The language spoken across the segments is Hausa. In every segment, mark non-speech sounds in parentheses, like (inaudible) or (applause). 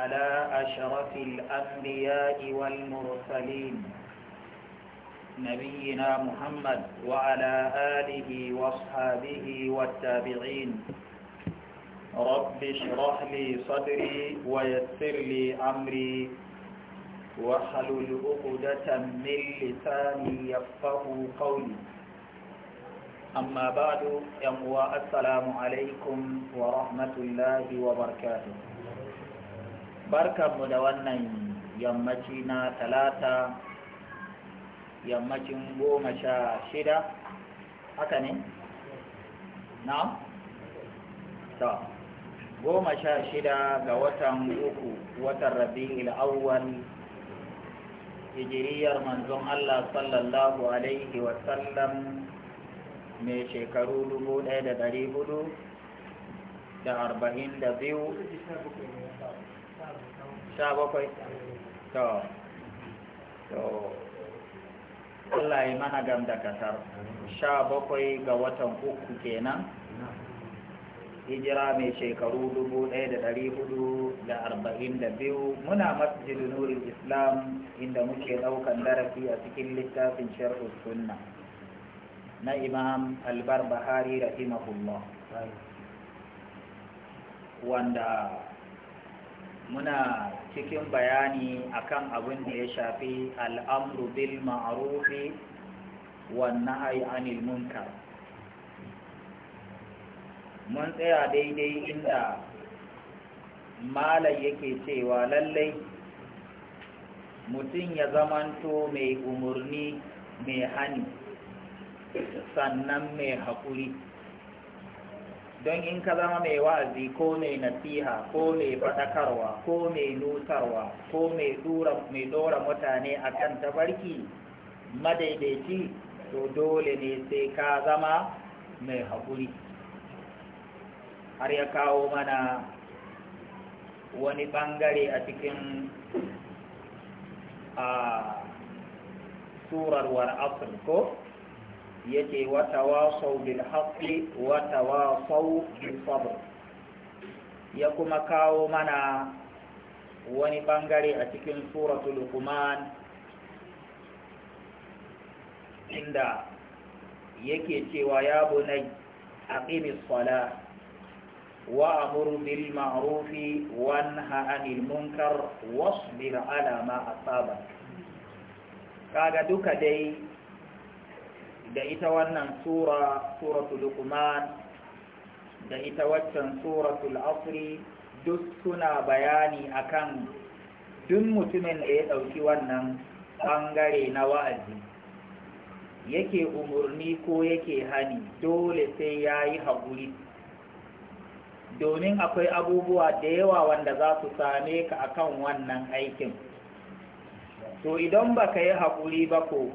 على أشرف الأنبياء والمرسلين نبينا محمد وعلى آله واصحابه والتابعين رب اشرح لي صدري ويسر لي أمري واحلل عقدة من لساني يفقه قولي أما بعد يموى السلام عليكم ورحمة الله وبركاته barkanmu da wannan yammaci na talata yammacin goma sha shida haka ne? na? ta goma sha shida ga watan uku watan rabi'ul awwal hijiriyar manzon Allah sallallahu alaihi wasallam mai shekaru dubu ɗaya da ɗari hudu da arba'in da biyu sha bakwai to to mana gam da sha bakwai ga watan uku kenan hijira mai shekaru dubu ɗaya da ɗari hudu da arba'in da biyu muna masjidin nurin islam inda muke ɗaukan darasi a cikin littafin sharhu sunna na imam albar bahari rahimahullah wanda muna cikin bayani akan abin da ya shafi al'amru bil ma'arufi wannan an munkar mun tsaya daidai inda malai yake cewa lallai mutum ya zamanto mai umarni mai hani sannan mai haƙuri don in ka zama mai wa'azi ko mai nasiha ko mai faɗakarwa ko mai nutarwa ko mai ɗora mutane a kan tafarki madaidaici to dole ne sai ka zama mai haƙuri har ya kawo mana wani ɓangare a cikin a surar war ko yace wa tawasaw bil haqqi wa ya kuma kawo mana wani bangare a cikin suratul luqman inda yake cewa ya bunai aqimis sala wa amur bil ma'rufi wanha anil munkar wasbir ala ma asabak kaga duka dai da ita wannan sura suratul luqman da ita waccan suratul asri duk suna bayani akan duk mutumin da ya ɗauki wannan ɓangare na wa'azi yake umarni ko yake hani dole sai ya yi haƙuri domin akwai abubuwa da yawa wanda za su same ka akan wannan aikin to idan baka yi haƙuri ba ko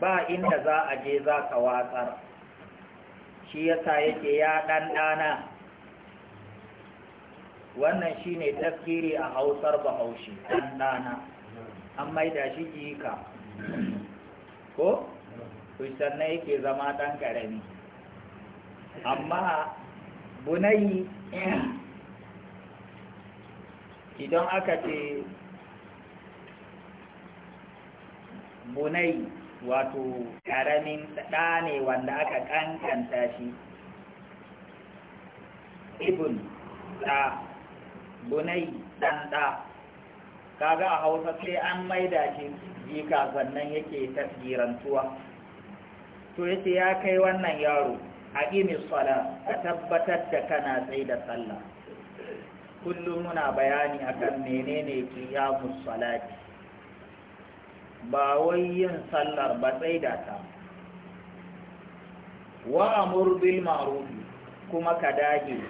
ba inda za a je za ka watsar shi yasa yake ya ɗanɗana wannan shi ne a hausar bahaushe ɗanɗana an maida shi jika ko? sannan yake zama ɗan ƙarami amma bunayi idan aka ce bunayi wato ƙaramin ɗa ne wanda aka ƙanƙanta shi ibn ɗa bunai ɗan ɗa kaga a hausa sai an maida shi jika sannan yake tasgirantuwa to yace ya kai wannan yaro a ƙimis ka tabbatar da kana tsaye da sallah kullum muna bayani akan menene ya salati ba wai yin sallar ba sai da ta wa amur bil ma'ruf kuma ka dage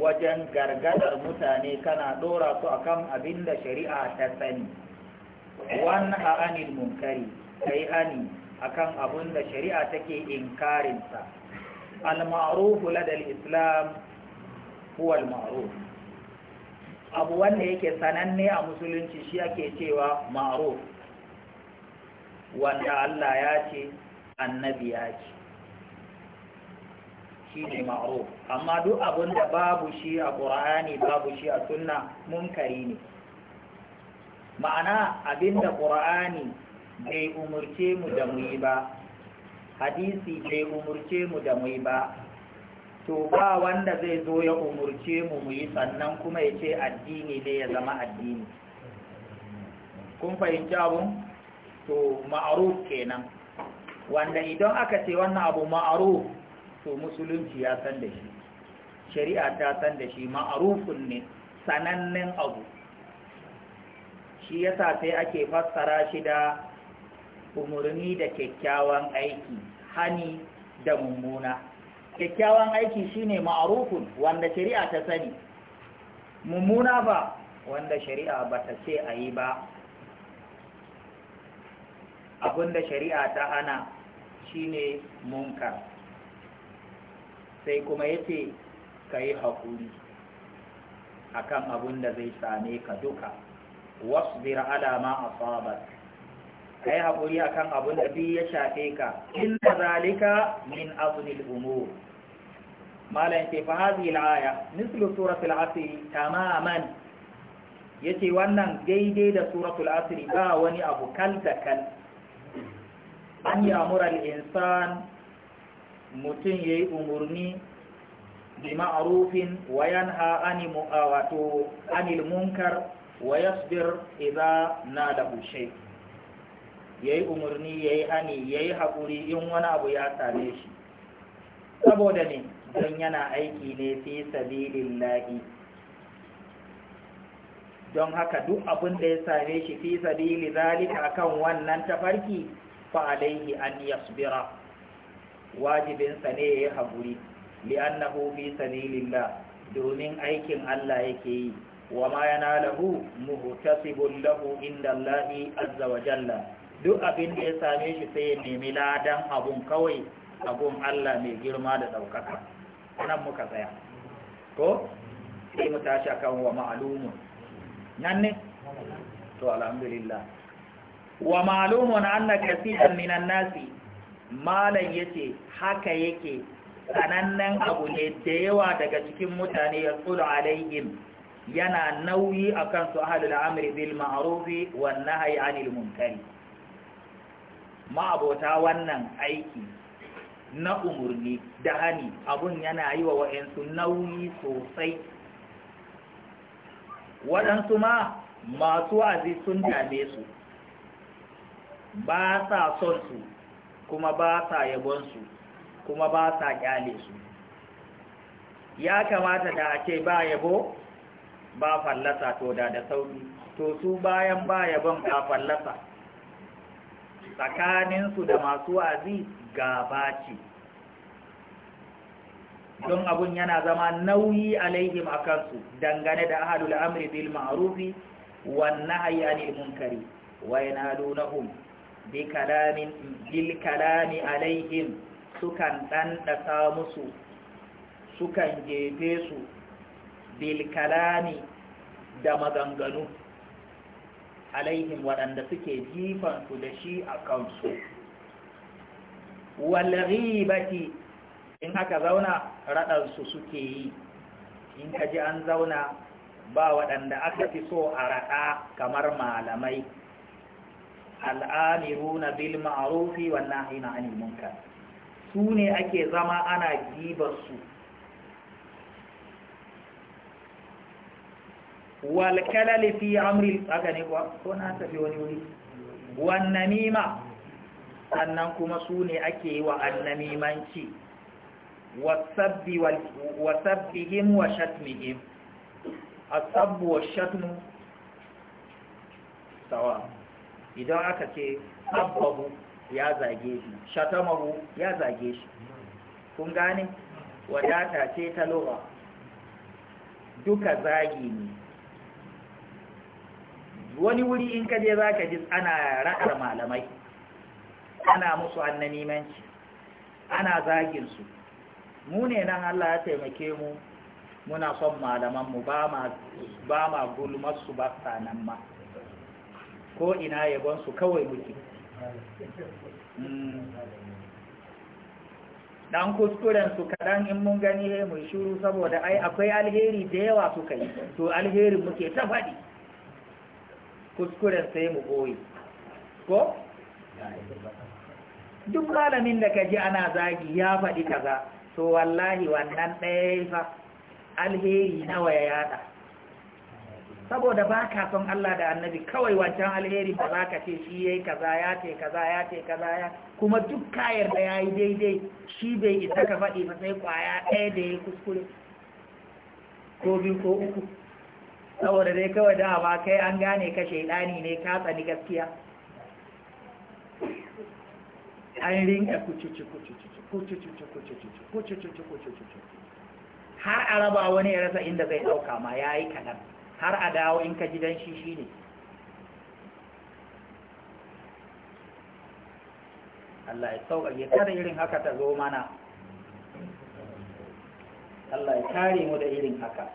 wajen gargadar mutane kana dora su akan abin da shari'a ta sani wan a anil munkari kai ani akan abin da shari'a take sa al-ma'ruf ladal islam huwa al-ma'ruf abu wanda yake sananne a musulunci shi ake cewa ma'ruf wanda Allah ya ce annabi ya ce shi ne ma'ruf amma duk abin da babu shi a ƙur'ani babu shi a sunna munkari ne ma'ana abinda da ƙur'ani bai umurce mu da mu yi ba hadisi bai umurce mu da mu yi ba to ba wanda zai zo ya umurce mu mu yi sannan kuma ya ce addini ne ya zama addini kun fahimci abun to ma'aruf kenan wanda idan aka ce wannan abu ma'aruf to musulunci ya san da shi shari'a ta san da shi ma'arufin ne sanannen abu shi yasa sai ake fassara shi da umarni da kyakkyawan aiki hani da mummuna kyakkyawan aiki shine ma'arufin wanda shari'a ta sani mummuna ba wanda shari'a ba ta ce a yi ba abinda shari'a ta hana shine munkar sai kuma yace ka yi haƙuri kan abin da zai same ka duka wasu wasbir alama ma asabak haƙuri hakuri akan abin da bi ya shafe ka in zalika min azunil umu. malayin ce fa hadhihi alaya suratul asr tamaman yace wannan daidai da suratul asiri ba wani abu kal da kal an yi amurar insan mutum ya yi umarni bi ma'arufin wa a wato anil munkar wa yasbir idza bushe, ya yayi umarni yayi hani yi haƙuri in wani abu ya same shi saboda ne don yana aiki ne fi la'i don haka duk abin da ya same shi fi sabili zalika akan wannan tafarki fa alaihi an yasbira wajibinsa ne ya yi haƙuri li'annahu fi sabilillah domin aikin Allah yake yi wa ma yanalahu muhtasibun lahu inda Allah azza wa jalla duk abin da ya same shi sai ya nemi ladan abun kawai abun Allah mai girma da ɗaukaka nan muka tsaya ko sai mu akan wa ma'alumun nan ne to alhamdulillah wa malumun anna kasiran minan nasi malan yace haka yake sanannen abu ne da yawa daga cikin mutane ya tsulu alaihim yana nauyi akan su ahlul amri bil ma'ruf wan nahyi anil munkari ma'abota wannan aiki na umurni da hani abun yana yi wa wa'ansu nauyi sosai waɗansu ma masu azi sun dame su ba sa son su kuma ba sa yabon kuma ba sa kyale su ya kamata da ake ba yabo ba fallasa to da da sauki to su bayan ba yabon ba fallasa tsakaninsu da masu wazi gaba ce don abun yana zama nauyi a alaihim a kansu dangane da ahalul amri bil ma'rufi wannan nahyi munkari wa yanalunahum bil kalami alaihim sukan ɗanɗasa musu sukan jefe su bil kalami da maganganu alaihim waɗanda suke jifansu da shi a kansu ghibati in haka zauna raɗansu suke yi in ka ji an zauna ba waɗanda aka fi so a raɗa kamar malamai al'amiruna bil ma’arufi wan nahina 'anil munkar su ne ake zama ana gibarsu su fi amri aka ne kuwa ko na tafi wani wuri Wannan namima sannan kuma su ne ake yi wa annamimanci wasabbihim wa shatmihim asabbu wa shatmu sawa idan aka ce Abubu ya zage shi shatamahu ya zage shi kun gane wadata ce ta lura duka zagi ne wani wuri in kaje za ka ji ana ra'ar malamai ana musu annanimanci ana zagin su mu ne nan Allah ya taimake mu muna son malamanmu ba ma gulmarsu ba sanan ma ko ina su kawai muke dan kuskurensu su kaɗan in mun gani he eh, mu shiru saboda ai akwai alheri da yawa suka yi to alheri muke ta faɗi kuskuren sai mu goyi ko duk malamin da ka ji ana zagi ya faɗi kaza to wallahi wannan ɗaya fa alheri nawa ya yada saboda ba ka son Allah da annabi kawai wancan alheri ba za ka ce shi ya yi kaza ya ce kaza ya ce kaza ya kuma duk kayar da ya yi daidai shi bai isa ka faɗi ba sai kwaya ɗaya da ya kuskure ko biyu ko uku saboda dai kawai da ba kai an gane ka shaidani ne ka tsani gaskiya an rinka kucuci kucuci kucuci kucuci kucuci kucuci har a raba wani ya rasa inda zai ɗauka ma ya yi kaɗan har a dawo in ka gidan shi shi ne Allah ya sauƙaƙe kada irin haka ta zo mana Allah ya kare mu da irin haka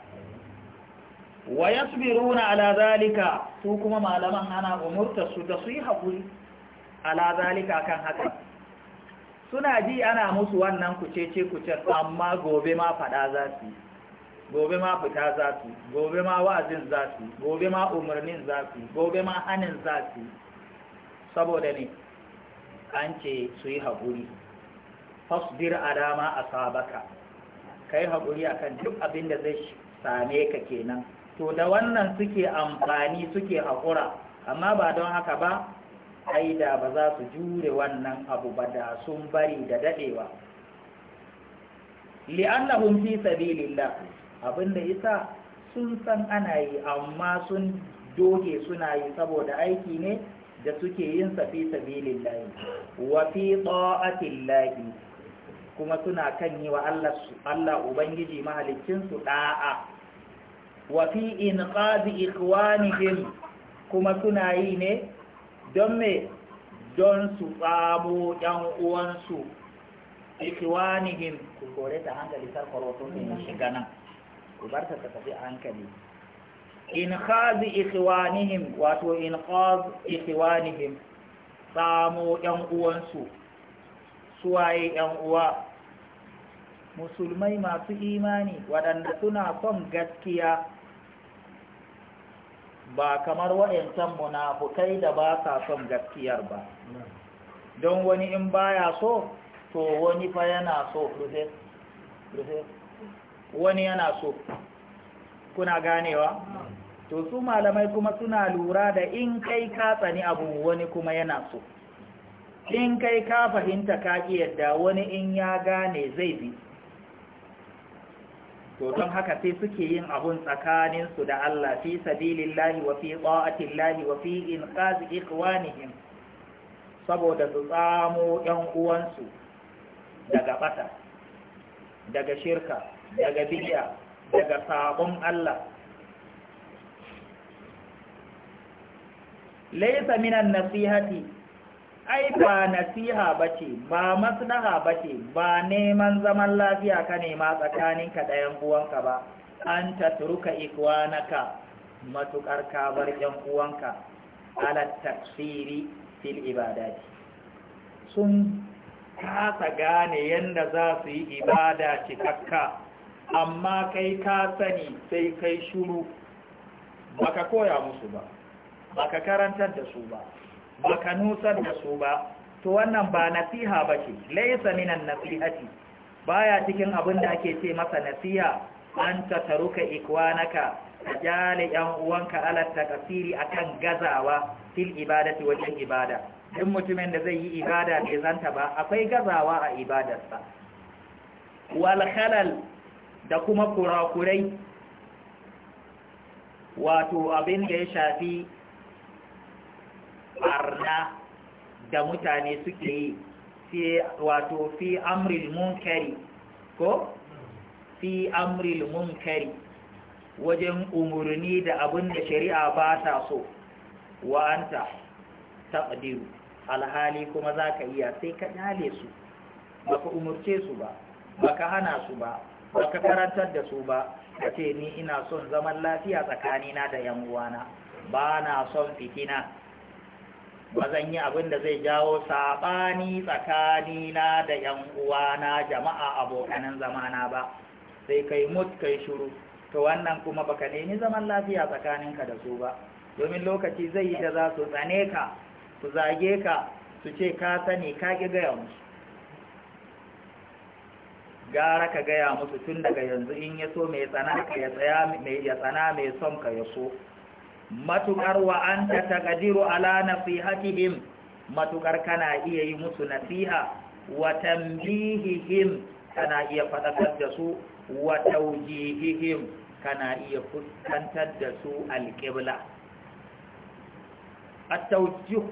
wa yasbiruna ala zalika su kuma malaman ana umurta su da su yi haƙuri ala zalika kan haka suna ji ana musu wannan kuce ce kuce amma gobe ma faɗa za su yi gobe ma fita za su gobe ma wa'azin za su gobe ma umarnin za su gobe ma hannun za su saboda ne an ce su yi haƙuri fasbir alama a sabaka ka yi haƙuri a kan duk abin da zai same ka kenan to da wannan suke amfani suke haƙura amma ba don haka ba aida da ba za su jure wannan abu ba da sun bari da daɗewa li'annahum fi sabilillah Abin da isa sun san ana yi amma sun doge suna yi saboda aiki ne da suke yin safi sabilin lahi wa fi ta'atin lahi kuma suna kan yi wa Allah Ubangiji mahalicinsu ɗa'a wa fi in ƙazi ikwanihim kuma suna yi ne don me don su tsamo ‘yan uwansu ikwanihim ku kore ta hankali sarkwaroto ne shiga nan ku ta tafi a hankali in khazi ikhwanihim wato in qaz ikhwanihim samo yan uwansu suwaye yan uwa musulmai masu imani waɗanda suna son gaskiya ba kamar wa'yancan munafukai da ba sa son gaskiyar ba don wani in baya so to wani fa yana so rufe rufe wani yana so kuna ganewa to su malamai kuma suna lura da in kai ka tsani abu wani kuma yana so in kai ka fahimta ka yadda wani in ya gane zai bi to don haka sai suke yin abun tsakaninsu da Allah fi sabilillahi wa fi ta'atillahi wa fi inqaz ikwanihim saboda su tsamo 'yan uwansu daga bata daga shirka daga biya daga sabon Allah laisa minan nasihati ai ba nasiha bace ba maslaha bace ba neman zaman lafiya ka nema tsakaninka da yan uwanka ba an tatruka ikwanaka matukar ka bar yan uwanka ala tafsiri fil ibadati sun kasa gane yanda za su yi ibada cikakka amma kai ka sani sai kai shuru baka koya musu ba baka karantar da su ba baka nusar da su ba to wannan ba nasiha bace laysa minan nasihati baya cikin abin da ake ce masa nasiha an ta taruka ikwanaka jale yan uwanka ala takasiri akan gazawa fil ibadati wajen ibada duk mutumin da zai yi ibada bai zanta ba akwai gazawa a ibadarsa wal khalal da kuma kurakurai wato abin da ya shafi barna da mutane suke yi wato fi amril munkari ko fi amril munkari wajen umurni da abin da shari'a ba ta so wa anta taqdiru alhali kuma zaka iya sai ka dale su baka umarce su ba baka hana su ba ba ka karantar da su ba ka ce ni ina son zaman lafiya tsakanina da yan uwana ba na son fitina ba zan yi abin da zai jawo saɓani tsakanina da yan uwana jama'a abokanan zamana ba sai kai mut kai shuru to wannan kuma baka nemi zaman lafiya tsakaninka da su ba domin lokaci zai yi da za su tsane ka su zage ka su ce ka sani ka ƙi gaya musu gara ka gaya musu tun daga yanzu in ya so mai tsana ya tsaya mai ya tsana mai son ka ya so matukar wa anta taqdiru ala nasihatihim matukar kana iya yi musu nasiha wa tanbihihim kana iya fadakar da su wa tawjihihim kana iya fuskantar da su alqibla at-tawjih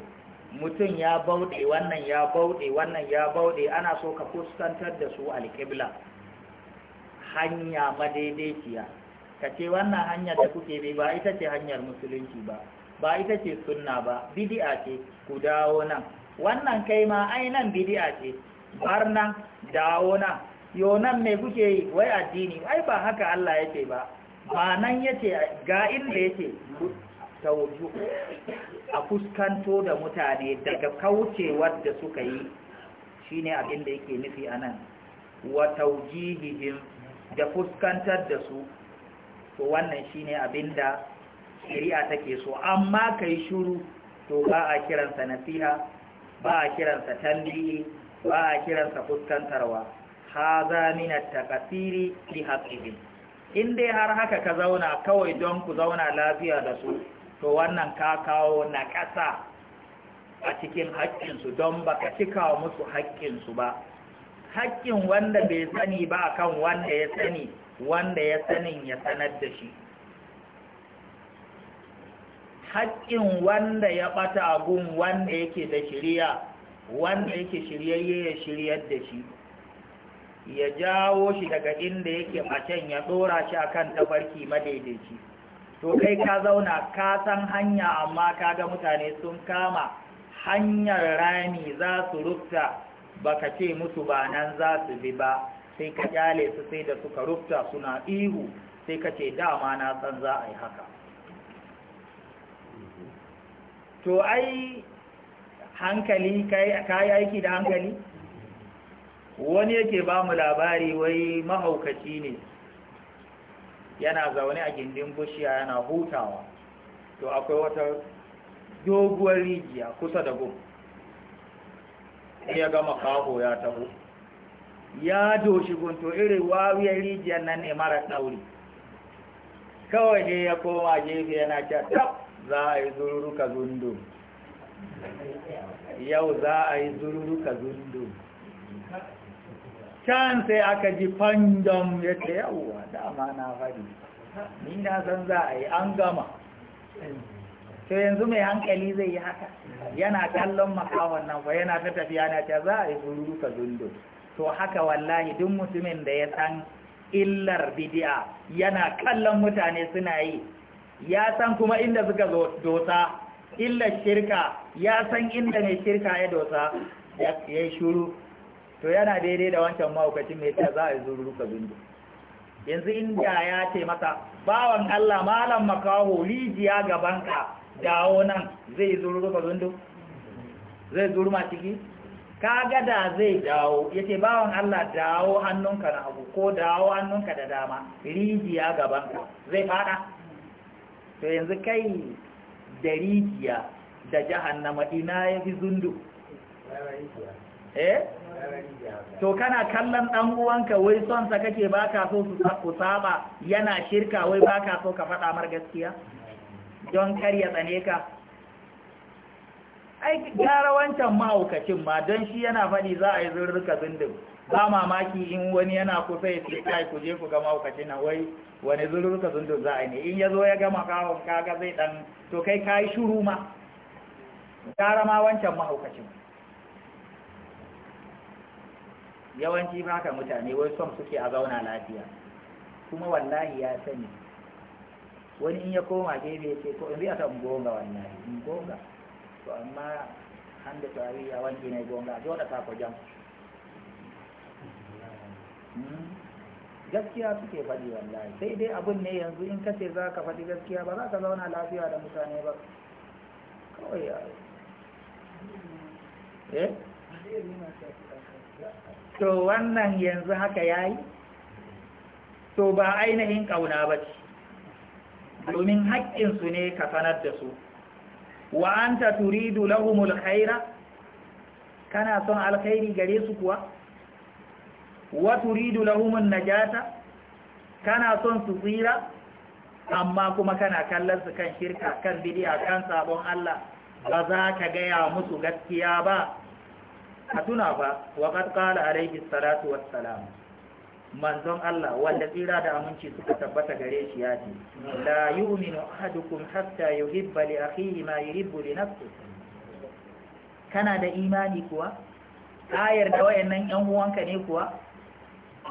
mutum ya bauɗe wannan ya bauɗe wannan ya bauɗe ana so ka fuskantar da su alƙibla hanya madaidaiciya ka ce wannan hanyar da kuke bi ba ita ce hanyar musulunci ba ba ita ce sunna ba bidi'a ce ku dawo nan wannan kai ma ai nan bidi'a ce bar nan dawo nan yo nan me kuke yi wai addini ai ba haka Allah yake ba ba nan yace ga inda yake sauju a fuskanto da mutane daga kaucewar da suka yi shine abin da yake nufi anan wa taujihihim da fuskantar da su to wannan shine abin da shari'a take so amma ka yi shuru to ba a kiransa nasiha ba a kiransa tambihi ba a kiransa fuskantarwa haza min at-taqsiri li haqqihim in dai har haka ka zauna kawai don ku zauna lafiya da su to wannan ka kawo na ƙasa a cikin haƙƙinsu don ba ka cika musu haƙƙinsu ba haƙƙin wanda bai sani ba kan wanda ya sani wanda ya sanin ya sanar da shi haƙƙin wanda ya ɓata gun wanda yake da shirya wanda yake shiryayye ya shiryar da shi ya jawo shi daga inda yake ɓacen ya ɗora shi akan tafarki madaidaici to kai ka zauna ka san hanya amma ka ga mutane sun kama hanyar rami za su rufta baka ce musu ba nan za su bi ba sai ka kyale su sai da suka rufta suna ihu sai ka ce dama na san za a yi haka to ai hankali ka yi aiki da hankali wani yake ba mu labari wai mahaukaci ne yana zaune a gindin bushiya yana hutawa to akwai wata doguwar rijiya kusa da gun ya gama kaho ya taho ya doshi gunto irin wawiyar rijiyar nan ne mara ɗauri kawai ne ya koma gefe yana ce tab za a yi zururuka zundu yau za a yi zururuka zundu can sai aka ji fandom ya ce yawwa dama na faɗi ni na san za a yi an gama to yanzu mai hankali zai yi haka yana kallon makawan nan ba yana ta tafiya na ce za a yi zuru ka to haka wallahi duk mutumin da ya san illar bidi'a yana kallon mutane suna yi ya san kuma inda suka dosa illar shirka ya san inda mai shirka ya dosa ya shuru to yana daidai da wancan mahaukacin mai ta za a yi zururu ka bindu. yanzu inda ya ce masa bawan Allah malam makaho rijiya gaban ka dawo nan zai zururu ka bindu? zai zurma ciki ka gada zai dawo ya ce bawan Allah dawo hannunka na abu ko dawo hannunka da dama rijiya gabanka zai fada to yanzu kai da rijiya da jahannama ina ya fi zundu eh to kana kallon ɗan uwanka wai son sa kake baka so su saba yana shirka wai baka so ka faɗa mar gaskiya don kar ya tsane ka ai gara wancan mahaukacin ma don shi yana faɗi za a yi zurruka zindin ba mamaki in wani yana kusa ya ce kai ku je ku ga mahaukacin na wai wani zurruka zindin za a yi ne in ya zo ya gama kawon kaga zai ɗan to kai ka yi shuru ma gara ma wancan mahaukacin yawanci ba mutane wai son suke a zauna lafiya kuma wallahi ya sani wani in ya koma gebe ce ko in biya ta gonga wallahi in gonga to amma han da tari ya wanki ne gonga zo da ka jam hmm? gaskiya suke faɗi wallahi sai dai abun ne yanzu in kace za ka faɗi gaskiya ba za ka zauna lafiya da mutane ba kawai ya eh to wannan yanzu haka yayi to ba ainihin ƙauna ba ce domin haƙƙinsu ne ka sanar da su wa an ta turidu lahumul khaira kana son alkhairi gare su kuwa wa turidu lahumun najata kana son su tsira amma kuma kana kallon su kan shirka kan bidiya kan sabon Allah ba za ka gaya musu gaskiya ba Ka tuna ba wa qad qala alayhi salatu wassalam manzon Allah wanda tsira da aminci suka tabbata gare shi ya ce la yu'minu ahadukum hatta yuhibba li akhihi ma yuhibbu li nafsihi kana da imani kuwa ka yarda wayannan yan uwanka ne kuwa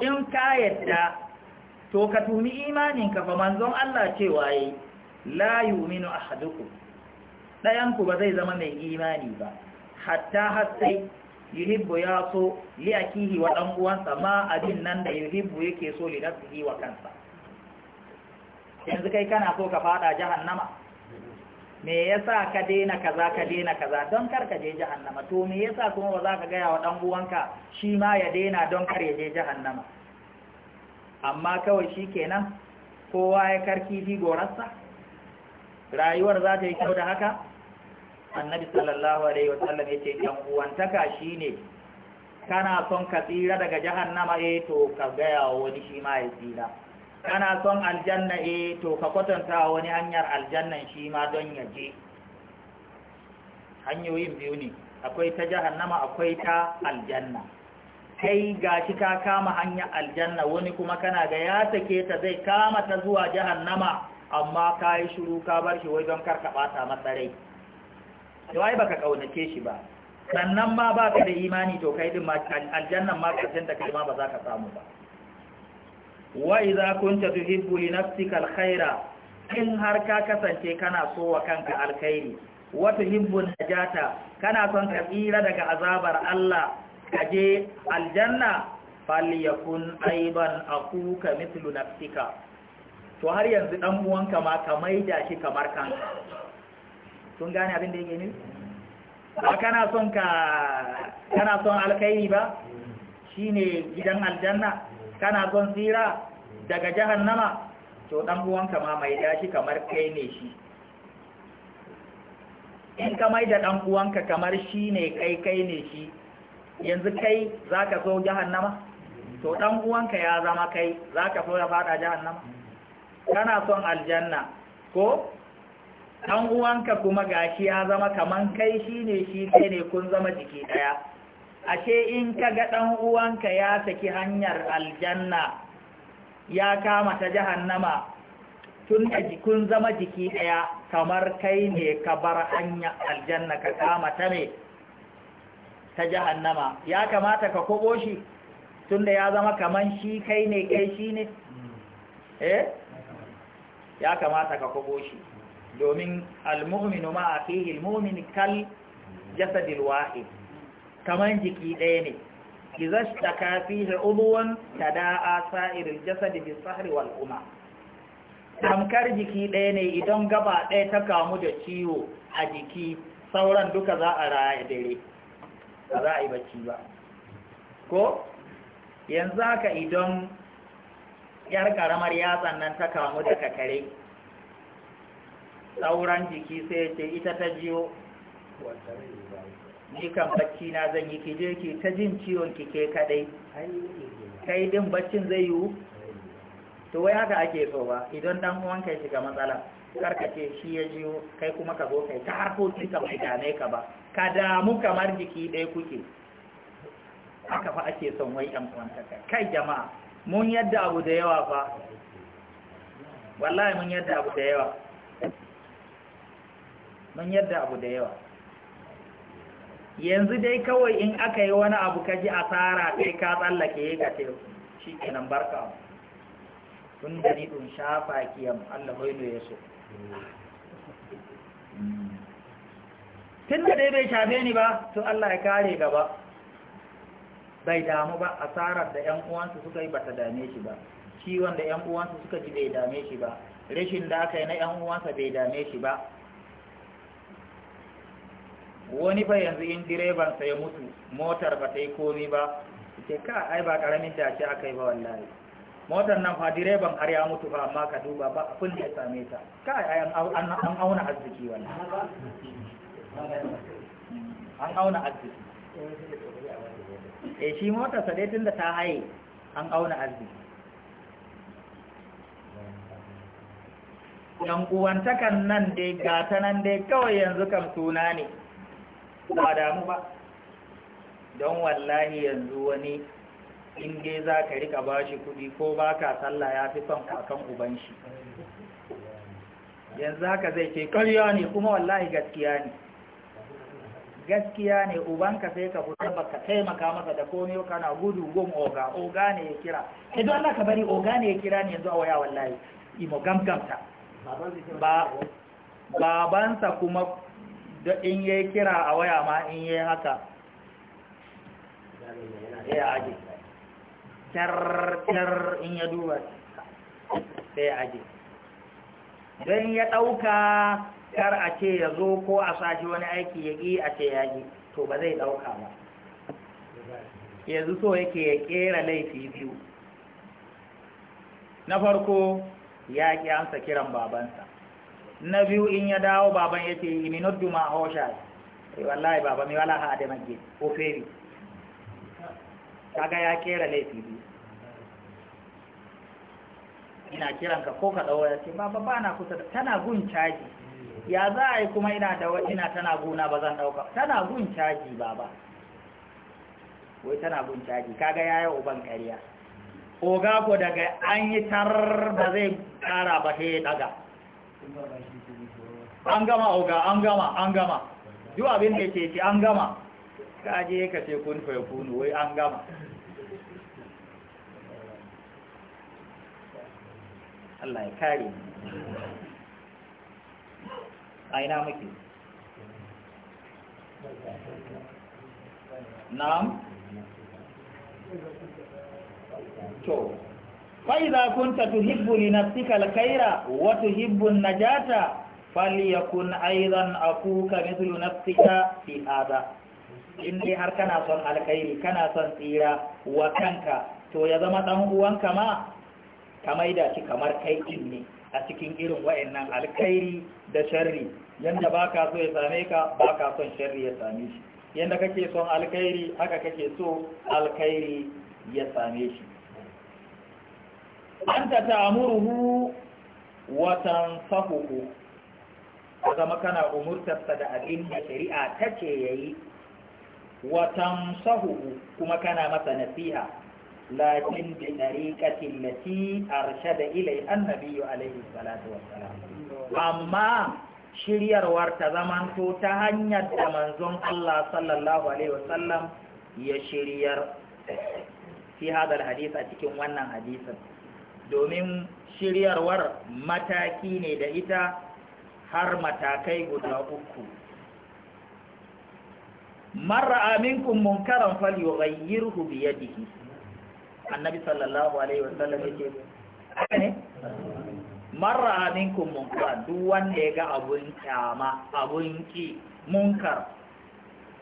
in ka yarda to ka tumi imaninka fa manzon Allah ce waye. la yu'minu ahadukum dayan ku ba zai zama mai imani ba hatta hasai yuhibbu ya so li akihi wa dan uwansa ma abin nan da yuhibbu yake so li nafsihi wa kansa yanzu kai kana so ka fada jahannama me yasa ka daina kaza ka daina kaza don kar ka je jahannama to me yasa kuma ba za ka gaya wa dan uwanka shi ma ya daina don kar ya je jahannama amma kawai shi kenan kowa ya karki fi gorarsa rayuwar za ta yi kyau da haka annabi sallallahu alaihi wasallam ya ce yan uwantaka shine kana son ka tsira daga jahannama eh to ka gaya wa wani shi ma ya tsira kana son aljanna eh to ka kwatanta wani hanyar aljannan shi ma don ya je hanyoyin biyu ne akwai ta jahannama akwai ta aljanna kai gashi ka kama hanyar aljanna wani kuma kana ga ya take ta zai kama ta zuwa jahannama amma ka yi shiru ka bar shi wai don karka bata masa to ai baka kaunace shi ba sannan ma ba ka da imani to kai din ma aljannan ma karshen da kai ma ba za ka samu ba wa idza kunta tuhibbu li nafsika alkhaira in har ka kasance kana so wa kanka alkhairi wa tuhibbu najata kana son ka tsira daga azabar Allah kaje aljanna falyakun aiban akuka mithlu nafsika to har yanzu dan uwanka ma ka maida shi kamar kanka sun gane abin da yake nufi kana son ka kana son alkhairi ba shine gidan aljanna kana son tsira daga jahannama to dan uwanka ma mai dashi kamar kai ne shi in ka mai da dan uwanka kamar shi ne kai kai ne shi yanzu kai zaka so jahannama to dan uwanka ya zama kai zaka so ya fada jahannama kana son aljanna ko ɗan uwanka kuma gashi ya zama kaman kai shi ne shi kai ne kun zama jiki ɗaya ashe in ka ga ɗan uwanka ya saki hanyar aljanna ya kama ta jahannama tun da kun zama jiki ɗaya kamar kai ne ka bar hanyar aljanna ka kama ta ne ta jahannama ya kamata ka kobo shi tun da ya zama kaman shi kai ne kai shi ne hmm. eh ya kamata ka kobo shi domin almu'minu ma a fi ilmumin kal jasadin wa'i kamar jiki ɗaya ne iza shtaka fihi udwan tada'a sa'iril sa'irin jasadin sahri wal wal'umma tamkar jiki ɗaya ne idan gaba ɗaya ta kamu da ciwo a jiki sauran duka za a raya dare ba za a yi bacci ba ko yanzu haka idan yar karamar yatsan nan ta kamu da kakare sauran jiki sai ya ce ita ta jiyo Jikan bacci na zan yi kije ki ta jin ciwon ki ke kadai kai din baccin zai yiwu to wai haka ake so ba idan dan uwan kai shiga matsala karka ce shi ya jiyo kai kuma ka zo kai ta ki ka bai dame ka ba ka damu kamar jiki ɗaya kuke haka fa ake son wai yan uwantaka kai jama'a mun yadda abu da yawa fa wallahi mun yadda abu da yawa mun yadda abu da yawa yanzu dai kawai in aka yi wani abu ka ji asara sai ka tsallake ya ga shi kenan barka tun da ridun shafa kiyam Allah hoino ya so tun da dai bai shafe ni ba to Allah ya kare gaba bai damu ba asarar da ƴan uwansu suka yi bata dame shi ba ciwon da ƴan uwansu suka ji bai dame shi ba rashin da aka yi na ƴan uwansa bai dame shi ba wani fa yanzu in direban sa ya mutu motar ba ta yi komi ba ce ka ai ba karamin dace aka yi ba wallahi motar nan fa direban har ya mutu ba amma ka duba ba abin da ya same ta ka ai an auna arziki wallahi an auna arziki eh shi motar sa dai tunda ta haye an auna arziki yan uwantakan nan dai gata nan dai kawai yanzu kam suna ne ba damu ba don wallahi yanzu wani in dai za ka rika ba shi kudi ko ba ka sallah ya fi son kakan uban shi yanzu haka zai ke ƙarya ne kuma wallahi gaskiya ne gaskiya ne ubanka sai ka fita baka taimaka masa da komiyo kana gudu gum oga oga ne ya kira Idan Allah ka bari oga ne ya kira ne yanzu a waya wallahi imo gamgamta babansa kuma da in yi kira a waya ma in yi haka ya tarar in ya duba sai don ya ɗauka kar a ce ya zo ko a sashi wani aiki ya ƙi a ce ya ƙi to ba zai ɗauka ba yanzu so yake ya ƙera laifi biyu na farko ya ƙi amsa kiran babansa na biyu in ya dawo baban ya ce minot juma A hosha eh, yi wallahi baban mi wala haɗe magge ko feri kaga ya kera laifi biyu ina kiran ka ko ka dawo ya ce baba bana kusa da, tana gun caji ya za a yi kuma ina dawo ina tana gona ba zan dauka tana gun caji baba wai tana gun caji kaga ya yi uban kariya oga ko daga an yi tar ba zai kara ba he daga an gama oga an gama an gama duk abin da ke ce an gama ka je ka ce kun fa kunu wai an gama Allah ya kare a ina muke na'am to فإذا كنت تحب لنفسك الخير وتحب النجاة فليكن أيضا أخوك مثل نفسك في هذا in dai har kana son alkhairi kana son tsira wa kanka to ya zama dan uwanka ma ka maida shi kamar kai ne a cikin irin wayannan alkhairi da sharri yanda baka so ya same ka baka son sharri ya same shi yanda kake son alkhairi haka kake so alkhairi ya same shi anta ta'muruhu wa tansahuhu zama kana umurtarsa da abin da shari'a ta ce yayi watan tansahuhu kuma kana masa nasiha lakin bi tariqati allati arshada ilai annabi alaihi salatu wassalam amma shiryarwar ta zamanto ta hanyar da manzon Allah sallallahu alaihi wasallam ya shiryar fi hadal hadith a cikin wannan hadisin domin shiryarwar mataki ne da ita har matakai guda uku marra aminkum munkaran falyughayyirhu bi yadihi annabi sallallahu alaihi wasallam yake haka ne marra aminkum munkar duk wanda ya ga abun kyama abun ki munkar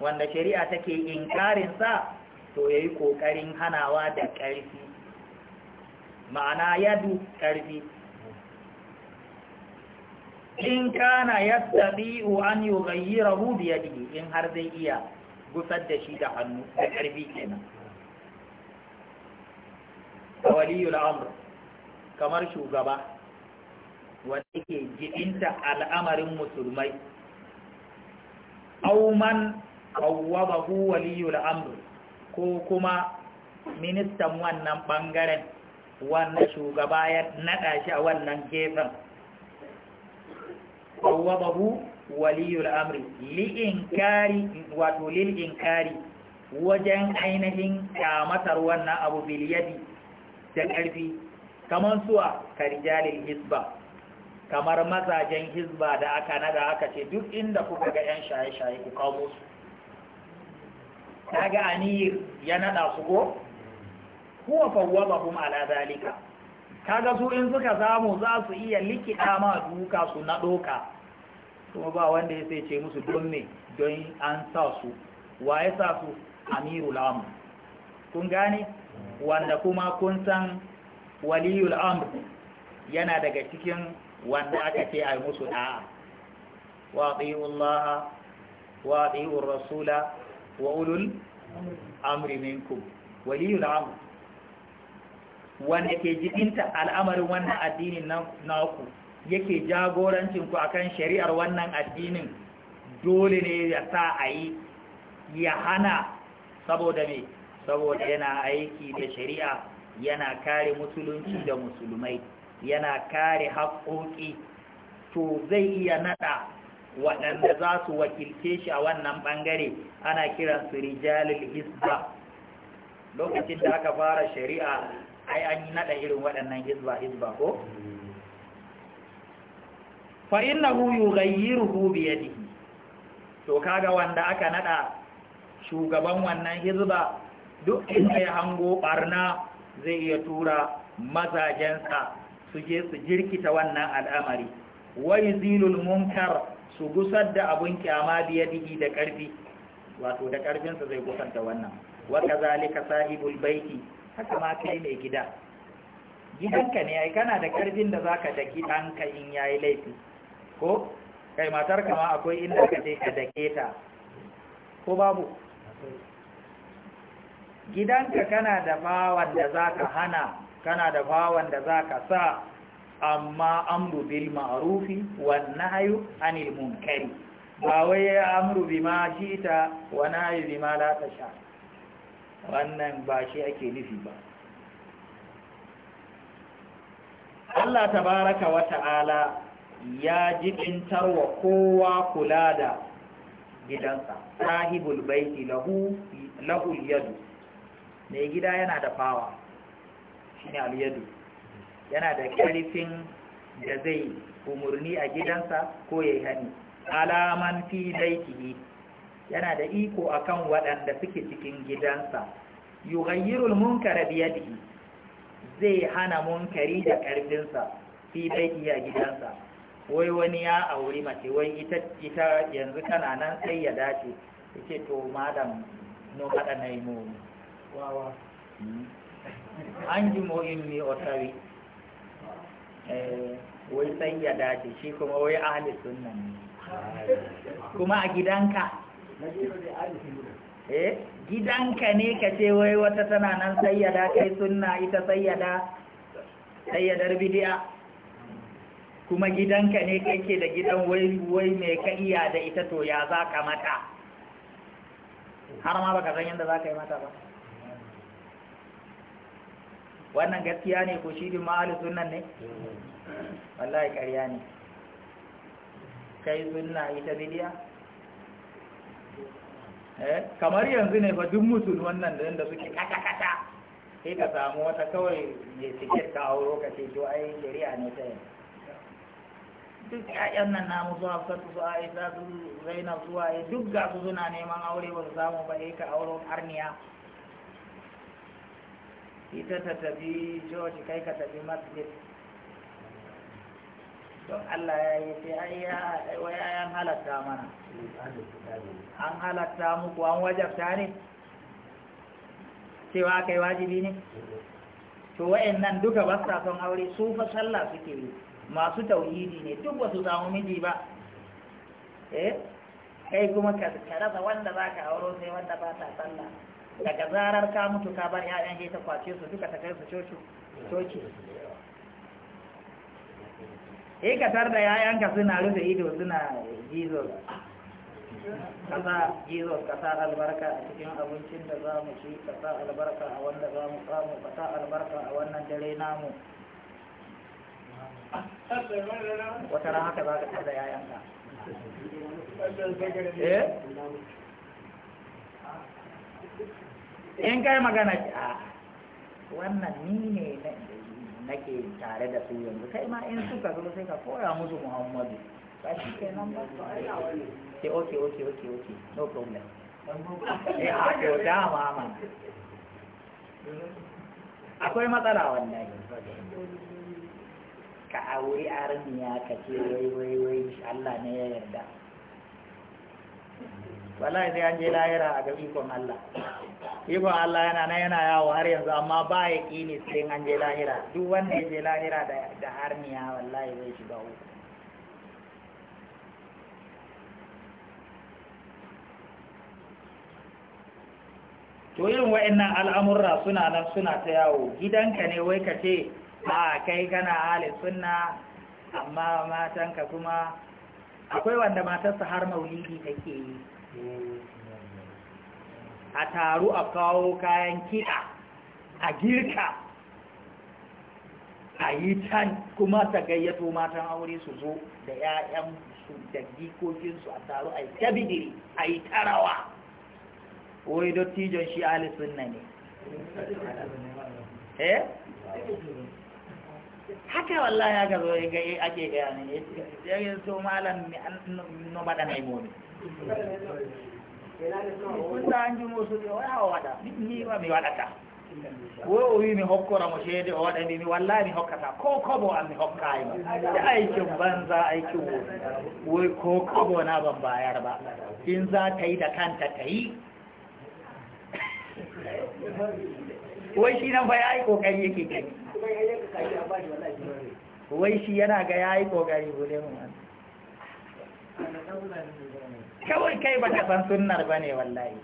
wanda shari'a take inkarin sa to yayi kokarin hanawa da ƙarfi ma'ana yadu ƙarfi in kana yastabi'u an yi yughayyirahu bi yadihi in har zai iya gusar da shi da hannu da ƙarfi kenan waliyul amr kamar shugaba wanda ke jibinta al'amarin musulmai aw man qawwabahu waliyul amur ko kuma ministan wannan bangaren wannan shugaba ya naɗa shi a wannan gefen babu waliyul amri li'inkari wato lil'inkari wajen ainihin kyamatar wannan abu biliyadi da ƙarfi kamar suwa karijalin hisba kamar mazajen hisba da aka naɗa aka ce duk inda kuka ga 'yan shaye-shaye ku kawo musu ta ga ya naɗa su ko? huwa fawwadahum ala zalika kaga su in suka samu za su iya likita ma duka su na doka kuma ba wanda ya sai ce musu don me don an sa su wa ya sa su amirul amr kun gane wanda kuma kun san waliyul amr yana daga cikin wanda aka ce ai musu da'a wa Allah wa ati'ur rasula wa ulul amri minkum waliyul amr wanda ke jibinta al'amarin wannan addinin naku yake jagorancin ku kan shari'ar wannan addinin dole ne ya sa a yi ya hana saboda me saboda yana aiki da shari'a yana kare musulunci da musulmai yana kare haƙoƙi to zai iya nada waɗanda za su wakilce shi a wannan ɓangare ana kiransu rijalil hisba lokacin da aka fara shari'a ai an yi naɗa irin waɗannan hizba hizba ko fa innahu yughayyiruhu bi yadihi to kaga wanda aka naɗa shugaban wannan hizba duk inda ya hango barna zai iya tura mazajensa su je su jirkita wannan al'amari wai zilul munkar su gusar da abun kyama biya digi da ƙarfi wato da ƙarfinsa zai gusar da wannan waka zalika sahibul baiti haka ma kai mai gida gidanka ne ai kana da karfin da zaka daki ɗanka in yayi laifi ko kai matar ma akwai inda ka je ka dake ta ko babu gidanka kana da bawan da zaka hana kana da bawan da zaka sa amma amru bil ma'rufi wan nahyu anil munkari ba wai amru bima shita wa nahyu bima la tashaa wannan ba shi ake nufi ba Allah tabaraka wa ta'ala ya jikintar wa kowa kula da gidansa sahibul baiti lahu lahu yadu mai gida yana da fawa shine al yadu yana da karfin da zai umurni a gidansa ko yayi hani alaman fi ne. yana da iko akan waɗanda suke cikin gidansa yughayyirul munkara biyadihi zai hana munkari da ƙarfinsa fi bai a gidansa wai wani ya auri mace wai ita ita yanzu kana nan sai ya dace yace to madam no kada nayi mu wawa an ji mu in mi otawi eh wai sai ya dace shi kuma wai ahli sunna ne kuma a gidanka eh gidanka ne ka ce wai wata tana nan sayyada kai sunna ita sayyada sayyadar bidiya kuma gidanka ne kake da gidan wai wai me ka iya da ita to ya za ka mata har ma baka san yadda za ka yi mata ba wannan gaskiya ne ko shi din ma'alu sunnan ne wallahi ƙarya ne kai sunna ita bidiya Eh, kamar yanzu ne fa duk mutum wannan da yadda suke kata-kata sai ka samu wata kawai mai tiket ka auro ka ce to ai shari'a ne ta yi duk ƴaƴan nan na musu hafsatu su aisha su zainab su waye duk ga su suna neman aure ba su samu ba sai eh ka auro arniya ita ta tafi coci kai ka tafi masjid don Allah ya yi sai an halatta mana an halatta muku an wajabta ne cewa kai wajibi ne to nan duka ba sa son aure su fa sallah suke yi masu tauhidi ne duk wasu samu miji ba eh kai kuma ka rasa wanda za ka auro sai wanda ba ta sallah daga zarar ka mutu ka bar 'ya'yan ta kwace su duka ta kai su coci eh ka tar da yayanka suna rufe ido suna jesus kasa jesus kasa albarka a cikin abincin da za mu shi kasa albarka a wanda za mu samu kasa albarka a wannan dare namu wata ran haka za ka tar da yayanka eh in kai magana a ah, wannan ni ne na nake tare da su yanzu kai ma in suka zo sai ka koya musu muhammadu ba shi ke nan ba ke ok ok ok ok no problem eh a to dama ma akwai matsala wannan ka auri arniya ka ce wai wai wai Allah ne ya yarda wallahi sai an je lahira a ga ikon Allah ikon Allah yana nan yana yawo har yanzu amma ba ya kini sai an je lahira duk wanda ya je lahira da harniya wallahi zai shiga uku to irin wa'annan al'amurra suna nan suna ta yawo gidanka ne wai ka ce a kai kana halin sunna amma matanka kuma akwai wanda matarsa har maulidi take yi a taru a kawo kayan kiɗa a girka a yi can kuma ta gayyato matan aure su zo da 'ya'yansu da gikokinsu a taru a yi tabidiri a yi tarawa wai dottijon shi alisunna ne eh? haka wallahi ya gazo ya gaye ake gaya ne ya yi so malam mai an noma da kun da an ji musu ne wai hawa wada ni ba ta ko wai yi mi hokkora mu shede o wadani ni wallahi mi hokkata ko bo an mi hokka yi ba da aikin banza aikin wo wai ko bo na ban bayar ba in za ta yi da kanta ta yi wai shi nan ba ya yi kokari yake kai? wai shi yana ga ya yi ƙoƙari gode mu kawai kai ka san sunnar ba ne wallahi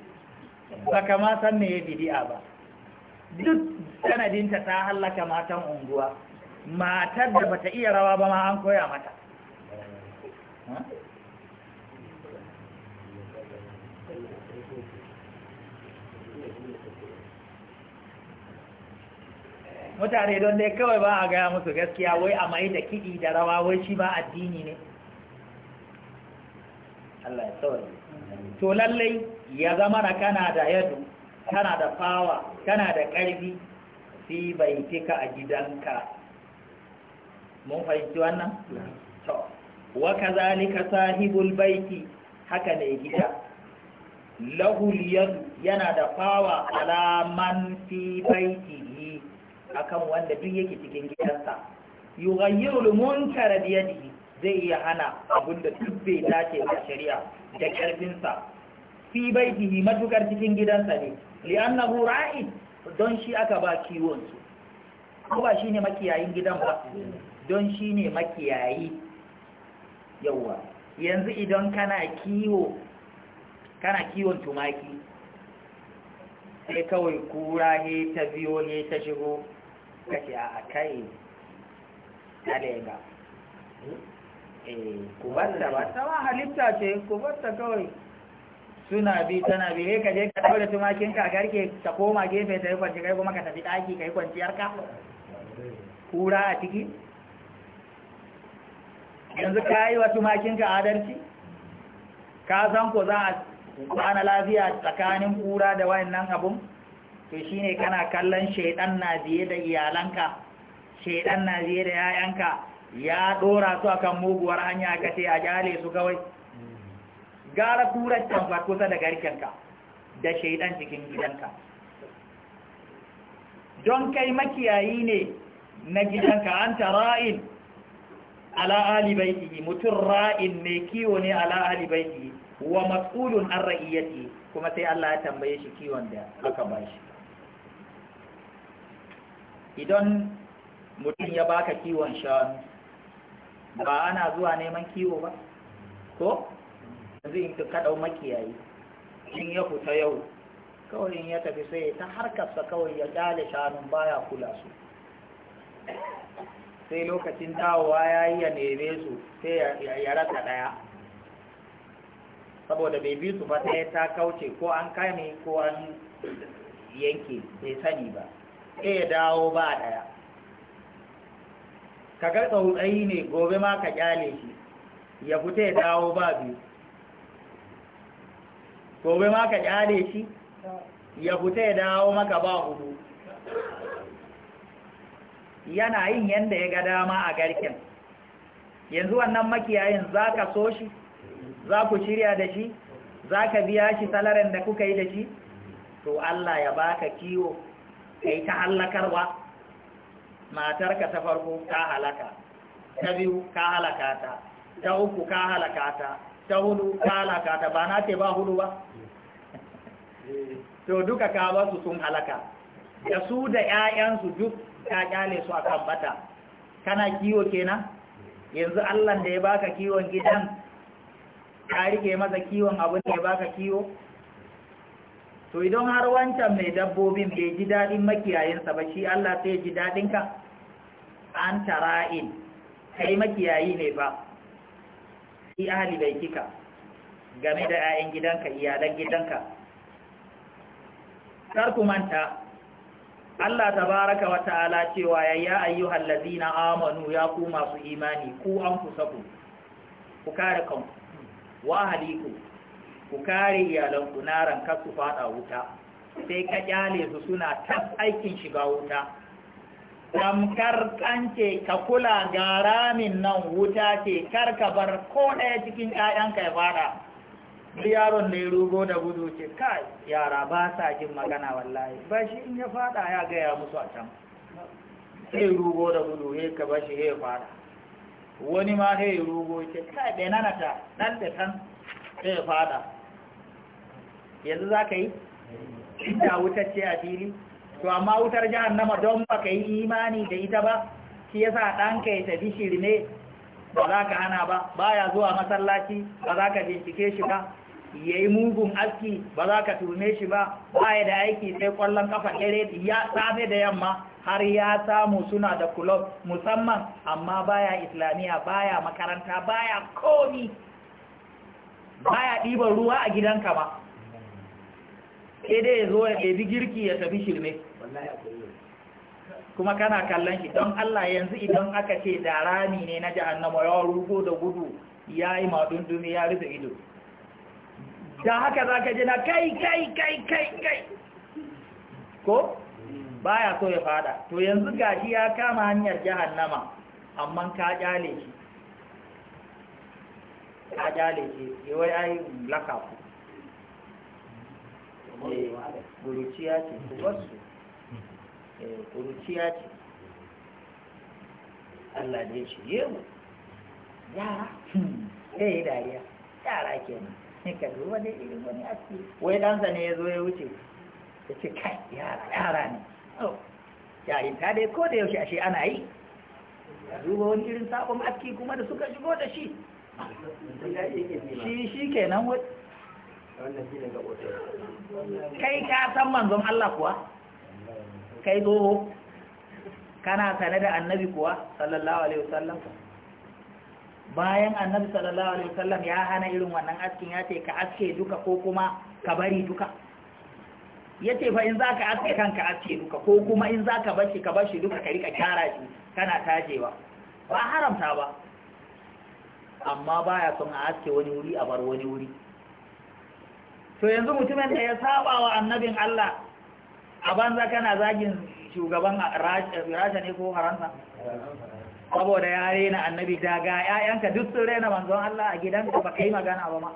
ka ma san meye ya bidi'a ba duk sanadinta ta hallaka matan unguwa matar da bata iya rawa ba ma an koya mata mutane don dai kawai ba a gaya musu gaskiya wai a mai da kiɗi da rawa wai shi ba addini ne Allah ya tsawar to lallai ya zama na kana da yadu kana da fawa kana da ƙarfi fi bai fika a gidanka mun fahimci wannan? to wa kazalika sahibul baiti haka ne gida lahul yadu yana da fawa alaman fi baiti akan wanda duk yake cikin gidansa yughayyirul munkara bi yadihi zai iya hana abinda duk bai dace da shari'a da sa fi baitihi matukar cikin gidansa ne li'annahu ra'i don shi aka ba kiwon su ko ba shine makiyayin gidan ba don shine makiyayi yawa yanzu idan kana kiwo kana kiwon tumaki sai kawai kura he ta biyo he ta shigo kace a kai alega eh, ku batta ba ta halitta ce ku batta kawai suna bi tana bi eh, ka je ka da tumakin ka garke ta koma gefe ta yi kwanci kai kuma ka tafi daki kai kwanciyar ka kura a ciki yanzu ka yi wa tumakin ka adalci ka san ko za a kwana lafiya tsakanin kura da wayannan abun to ne kana kallon shaidan na biye da iyalanka shaidan na biye da yayanka ya dora su akan muguwar hanya ga ce a jale su kawai gara turar tamfa kusa da garkenka da shaidan cikin gidanka don kai makiyayi ne na gidanka an tara'in ala ali baitihi mutum ra'in mai kiwo ne ala ali wa mas'ulun an ra'iyyati kuma sai Allah ya tambaye shi kiwon da aka bashi idan mutum ya baka kiwon shanu ba ana zuwa neman kiwo ba ko yanzu in ka dau makiyayi in ya fita yau kawai in ya tafi sai ta harkarsa kawai ya kyale shanun baya kula su sai lokacin dawowa ya yi ya neme su sai ya rasa daya saboda bai bi su ba sai ta kauce ko an kame ko an yanke bai sani ba sai ya dawo ba ɗaya ka ga tsautsayi ne gobe ma ka kyale shi ya fita ya dawo ba biyu gobe ma ka kyale shi ya fita ya dawo maka ba hudu yana yin yadda ya ga dama a garken yanzu wannan makiyayin za ka so shi za ku shirya da shi za ka biya shi salarin da kuka yi da shi to Allah ya baka kiwo kai ta hallakarwa matarka ta farko ka halaka ta biyu ka halaka ta ta uku ka halaka ta ta hudu ka halaka ta ba na ce ba hudu ba (laughs) to duka ka ba su sun halaka da su da 'ya'yansu duk ka kyale su akan bata kana kiwo kenan yanzu Allah da ya baka kiwon gidan ka rike masa kiwon abin da ya baka kiwo to idan har wancan mai dabbobin bai ji daɗin makiyayinsa ba shi Allah sai ji daɗin ka an tara'in kai makiyayi ne ba shi ahli bai kika game da 'ya'yan gidanka iyalan gidanka kar ku manta Allah tabaraka wa ta'ala cewa ya ya ayyuhal ladina amanu ya ku masu imani ku an kusa ku kare kanku wa ahlikum ku kare iyalanku na kar su fada wuta sai ka kyale su suna tas aikin shiga wuta tamkar kance ka kula ga ramin nan wuta ce kar ka bar ko ɗaya cikin ƴaƴanka ya fada duk yaron da ya rugo da gudu ce kai yara ba sa jin magana wallahi ba shi in ya fada ya gaya musu a can sai rugo da gudu ya ka bashi ya fada wani ma sai rugo ce kai da nanata dan da kan sai ya fada yanzu za ka yi inda wutar ce a fili to amma wutar jahannama don ba ka yi imani da ita ba shi yasa ɗanka ya tafi shirme ba za ka hana ba Ba ya zuwa masallaci ba za ka bincike shi ba ya yi mugun aski ba za ka tume shi ba baya da aiki sai kwallon kafa ɗere ya safe da yamma har ya samu suna da kulob musamman amma baya islamiyya baya makaranta baya komi baya ɗiban ruwa a gidanka ba sai dai ya zo ya ɗabi girki ya tafi shirme kuma kana kallon shi don Allah yanzu idan aka ce da rami ne na jahannama ya rugo da gudu ya yi madundumi ya rufe ido da haka za ka jina kai kai kai kai kai ko baya so ya fada to yanzu gashi ya kama hanyar jahannama amma ka kyale shi ka kyale shi yawai ai lakafu ƙuruciya ce ku basu ƙuruciya eh, ce Allah ne shirye mu yara zai (laughs) yi eh, dariya yara kenan ne ka duba dai irin wani aski wai ɗansa ne ya zo ya wuce ya ce kai yara yara ne oh, yayin ta dai ko da yaushe ashe ana yi ya duba wani irin sabon aski kuma da suka shigo da shi shi shi kenan wai kai ka san manzon Allah kuwa kai Zoho? kana sane da annabi kuwa sallallahu alaihi wasallam bayan annabi sallallahu alaihi wasallam ya hana irin wannan askin ya ce ka aske duka ko kuma ka bari duka ya ce fa in za ka aske kanka aske duka ko kuma in za ka bashi ka bashi duka ka rika kyara shi kana tajewa ba haramta ba amma baya son a aske wani wuri a bar wani wuri to yanzu mutumin da ya saba wa annabin Allah a banza kana zagin shugaban rasha ne ko haransa saboda ya rena annabi daga ‘ya'yanka duk sun rena manzon Allah a gidanka ba kai magana ba ma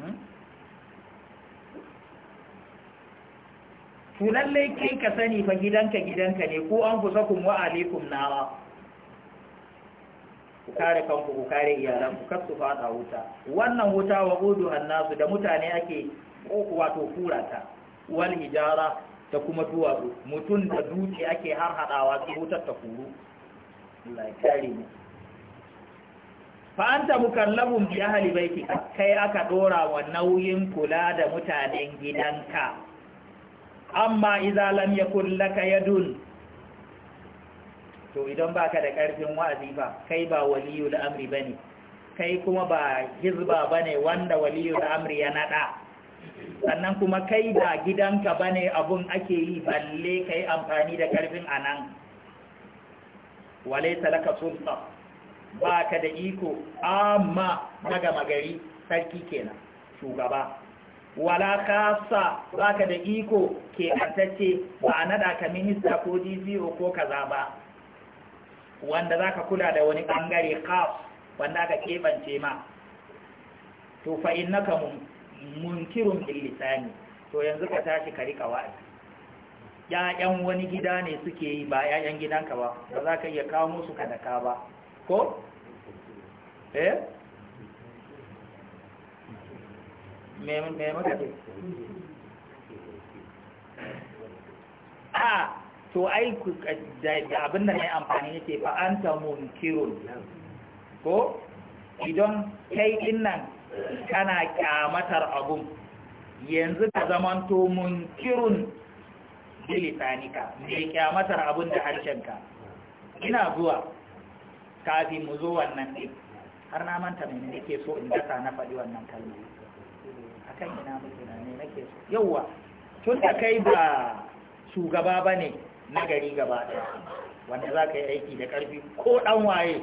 hmm? to lallai kai ka sani fa gidanka gidanka ne ko an kusa kuma wa alaikum nawa ku kare kanku ku kare iyalanku kar su fada wuta wannan wuta wa udu annasu da mutane ake wato furata, wal hijara da kuma duwatsu mutum da dutse ake har hadawa su wutar ta kuru Allah ya kare mu fa anta mukallabun bi ahli baiti kai aka dora wa nauyin kula da mutanen gidanka amma idza lam yakul laka yadun to idan ba ka da ƙarfin wa'azi ba kai ba Waliyu da amri ba ne, kai kuma ba hizba ne wanda Waliyu da amri ya naɗa. sannan kuma kai da gidanka ba ne abun ake yi balle yi amfani da ƙarfin a nan wale talaka sulta ka da iko amma daga magari sarki kenan shugaba wala kasa ka da iko ke antacce ba a naɗa ka minista ko DPO ko kaza ba wanda za ka kula da wani ɓangare khas wanda aka keɓance ma to fa innaka munkirun bil lisani to yanzu ka tashi ka rika wa'azi Ya'yan wani gida ne suke yi ba gidan gidanka ba ba za ka iya kawo musu kadaka ba ko eh me me to ai ku abin da mai amfani yake fa an samu kirun ko idan kai din nan kana kyamatar abun yanzu ka zaman to munkirun bilisanika mai kyamatar abun da harshenka ina zuwa kafin mu zo wannan ɗin har na manta mai nake so in dasa na faɗi wannan kalmar akan ina muke na ne nake so yawwa tun da kai ba shugaba ba ne na gari gaba ɗaya wanda za ka yi aiki da ƙarfi ko ɗan waye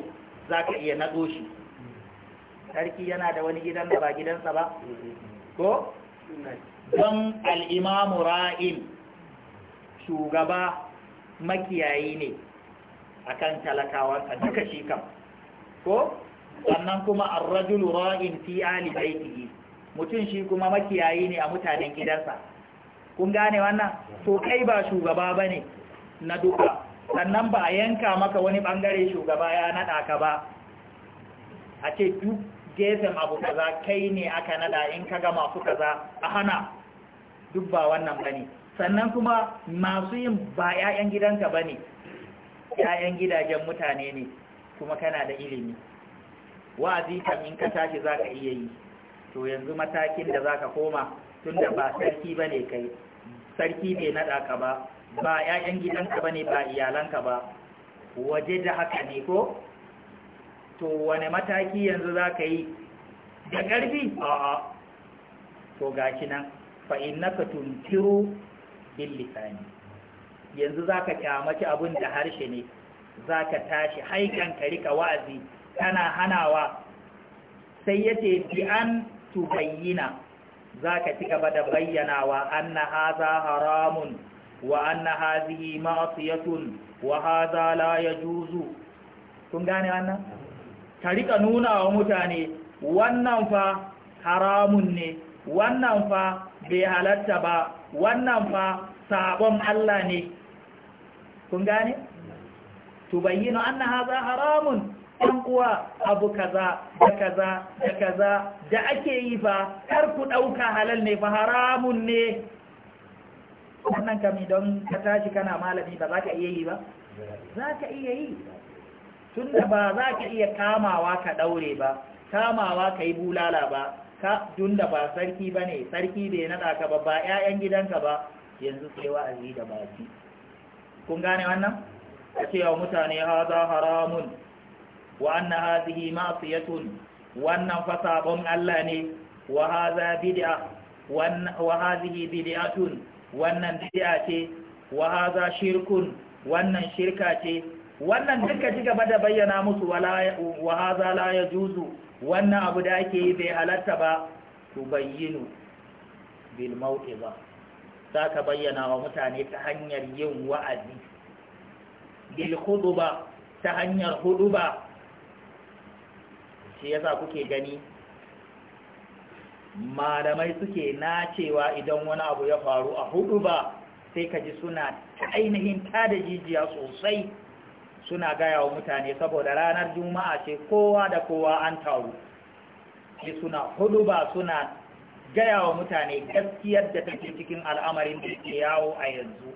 za ka iya naɗo shi sarki yana da wani gidan da ba gidansa ba ko don al'imamu ra'in shugaba makiyayi ne a kan talakawa ka duka shi kam ko sannan kuma arrajulu ra'in fi ali mutum shi kuma makiyayi ne a mutanen gidansa kun gane wannan to kai ba shugaba ba ne. na duka sannan ba a yanka maka wani bangare shugaba ya nada ka ba a ce duk gefen abu kaza kai ne aka nada in ka ga masu kaza a hana duk ba wannan bane sannan kuma masu yin ba 'ya'yan gidanka bane 'ya'yan gidajen mutane ne kuma kana da ilimi wa'azi kam in ka tashi zaka iya yi to yanzu matakin da zaka koma tunda ba sarki bane kai sarki ne nada ka ba ba ‘ya'yan gidanka ba ne ba iyalanka ba waje da haka ne ko to wane mataki yanzu za ka yi da ƙarfi a'a to gashi nan fa'in na ka tunkiru bin yanzu za ka kyamaci abin da harshe ne za ka tashi haikan ka rika wa'azi kana hanawa sai ya ce bi an tubayyina za ka ci gaba da bayyanawa an na haza haramun وأن هذه معصية وهذا لا يجوز kun gane wannan rika nuna wa mutane wannan fa haramun ne wannan fa bai halatta ba wannan fa sabon Allah ne kun gane To bayyana anna hadha haramun ɗan kuwa abu kaza da kaza da kaza da ake yi fa kar ku ɗauka halal ne fa haramun ne wannan kami don ka tashi kana malami ba za ka iya yi ba za ka iya yi tun da ba za ka iya kamawa ka daure ba kamawa ka yi bulala ba ka tun da ba sarki ba ne sarki bai naɗa ka ba ba 'ya'yan gidanka ba yanzu sai wa'azi da baki kun gane wannan a ce wa mutane za haramun wa na hazihi tun wannan fa Allah ne wa hazihi bid'atun wannan bid'a ce wa hadha shirkun wannan shirka ce wannan duka ci gaba da bayyana musu wa hadha la yajuzu wannan abu da ake yi bai halatta ba tubayyinu bil mau'iza za ka bayyana wa mutane ta hanyar yin wa'azi bil huduba ta hanyar huduba shi yasa kuke gani malamai suke na cewa idan wani abu ya faru a hudu ba sai ka ji suna ainihin da jijiya sosai suna gaya wa mutane saboda ranar juma'a ce kowa da kowa an taru sai suna hudu ba suna gaya wa mutane gaskiyar da take cikin al'amarin da ke yawo a yanzu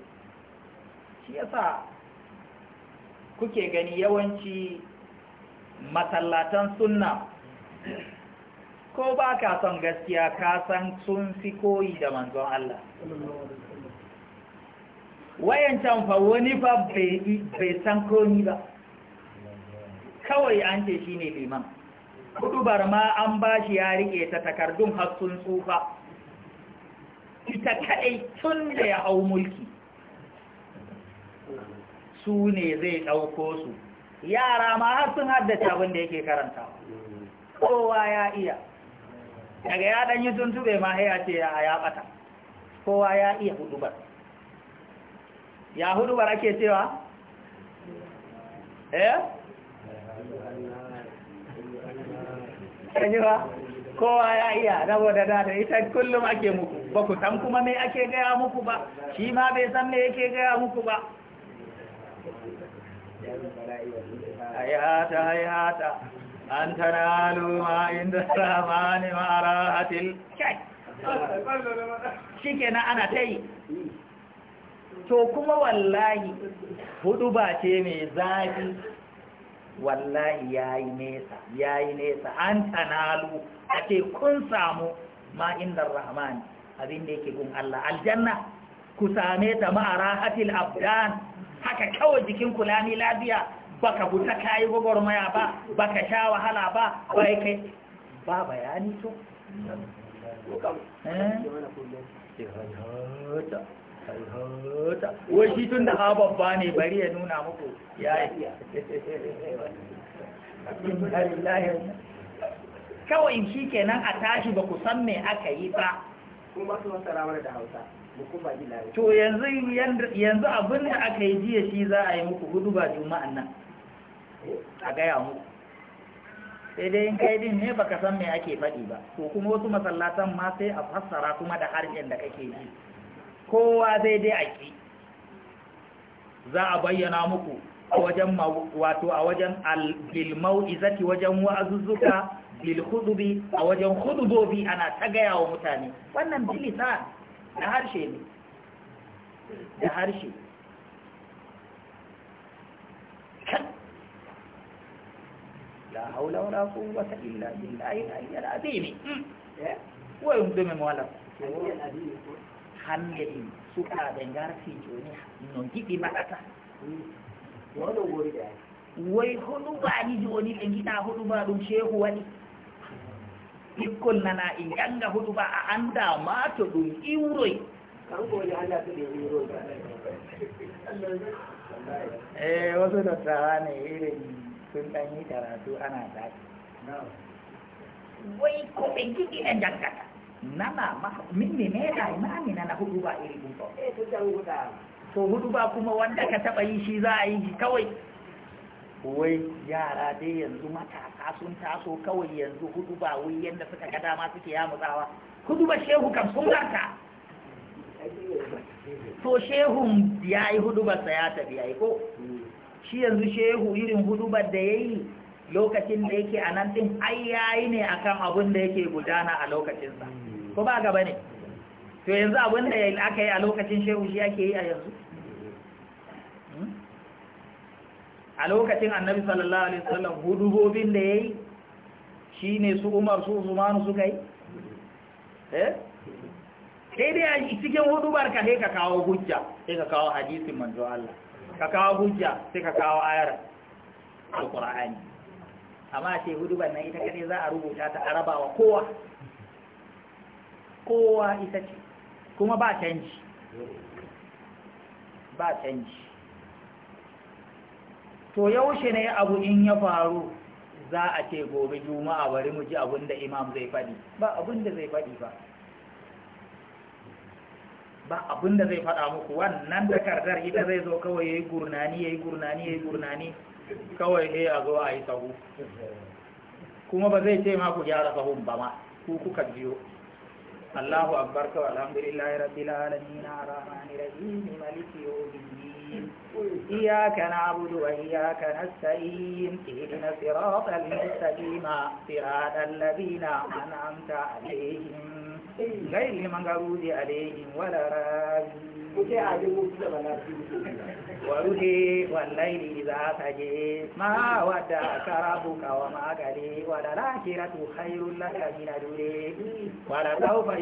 shi yasa kuke gani yawanci masallatan sunna ko ba ka son gaskiya ka san sun fi koyi da manzon Allah wayancan fa wani fa bai san komi ba kawai an ce shi ne liman kudubar ma an ba shi ya rike ta takardun hassun tsufa ita kaɗai tun da ya hau mulki su ne zai ɗauko su yara ma har sun haddace abin da yake karanta kowa ya iya daga ya dan yi tuntube ma ya ce ya ya kowa ya iya hudubar ya hudubar ake cewa eh ba kowa ya iya saboda da dada ita kullum ake muku ba ku san kuma me ake gaya muku ba shi ma bai san me yake gaya muku ba hayata hayata an tanalu ma inda ramani ma rahatil kai shikenan ana ta to kuma wallahi hudu ba ce mai zafi wallahi yayi nesa yayi nesa an tanalu ake kun samu ma inda rahman abin da yake gun Allah aljanna ku same ta ma rahatil abdan haka kawai jikin kulani lafiya baka buta kayi gwagwarmaya ba baka sha wahala ba bai kai ba bayani to eh? wai shi tun da ha babba ne bari ya nuna muku ya yi kawai shi kenan a tashi ba ku san me aka yi ba kuma su ramar da hausa to yanzu yanzu abin da aka yi jiya shi za a yi muku hudu ba juma'an nan a gaya mu sai dai in kai din ne baka san me ake faɗi ba ko kuma wasu masallatan ma sai a fassara kuma da harshen da kake ji kowa zai dai aiki za a bayyana muku a wajen wato a wajen bilmau izati wajen wa'azuzzuka bil hudubi a wajen hudubobi ana ta gaya wa mutane wannan bilisa da harshe ne da harshe لا حول ولا قوة إلا بالله العلي العظيم وهم دم مولا hanyoyin suka dangar fijo ne N'o gidi makata wai hudu ba ni joni ɗin gida hudu ba dum shehu wani ikkol nana in yanga hudu ba a anda ma to ɗum iwroy eh wasu dattawa ne irin sun ɗan yi karatu ana zaɓi wai ko ɗan ji na jankata nana min ne ne da imani na hudu ba iri kun eh, to hudu ba kuma wanda ka taɓa yi shi za a yi kawai wai yara dai yanzu matasa sun taso kawai yanzu hudu ba wai yadda suka ga dama suke ya mutsawa hudu ba shehu kan sun ranka to shehun ya yi hudu ba sa ya tafi ya yi ko hmm. shi yanzu shehu irin hudubar da ya yi lokacin da yake a nan ɗin ai yayi ne akan abin da yake gudana a lokacinsa ko ba gaba ne to yanzu abin da aka yi a lokacin shehu shi ake yi a yanzu hmm? a lokacin annabi sallallahu alaihi wasallam hudubobin da yayi ne su Umar su Usmanu, suka yi eh sai dai a cikin hudubar ka sai ka kawo hujja sai ka kawo hadisin manzo Allah ka kawo hujja sai ka kawo ayar alkur'ani amma ce huduban nan ita kadai za a rubuta ta Arabawa kowa kowa ita ce kuma ba canji ba canji to yaushe ne abu in ya faru za a ce gobe juma'a bari mu ji abinda imam zai faɗi ba abinda zai faɗi ba ba abin da zai fada muku wannan takardar ita zai zo kawai ya yi gurnani ya yi gurnani ya yi gurnani kawai sai a zo a yi sahu kuma ba zai ce ma ku gyara sahun ba ma ku kuka biyo Allahu akbar kawai alhamdulillahi rabbil alamin arrahmanir rahim maliki yawmiddin iyyaka na'budu wa iyyaka nasta'in ihdinas siratal mustaqim siratal ladina an'amta alaihim gai liman garu zai alaihim wala rabi kuke a jin mutu da bala su wa ruhe wallahi ne za ta je ma wa ma gare wa da lakira tu khairun laka min adure wa da sawfa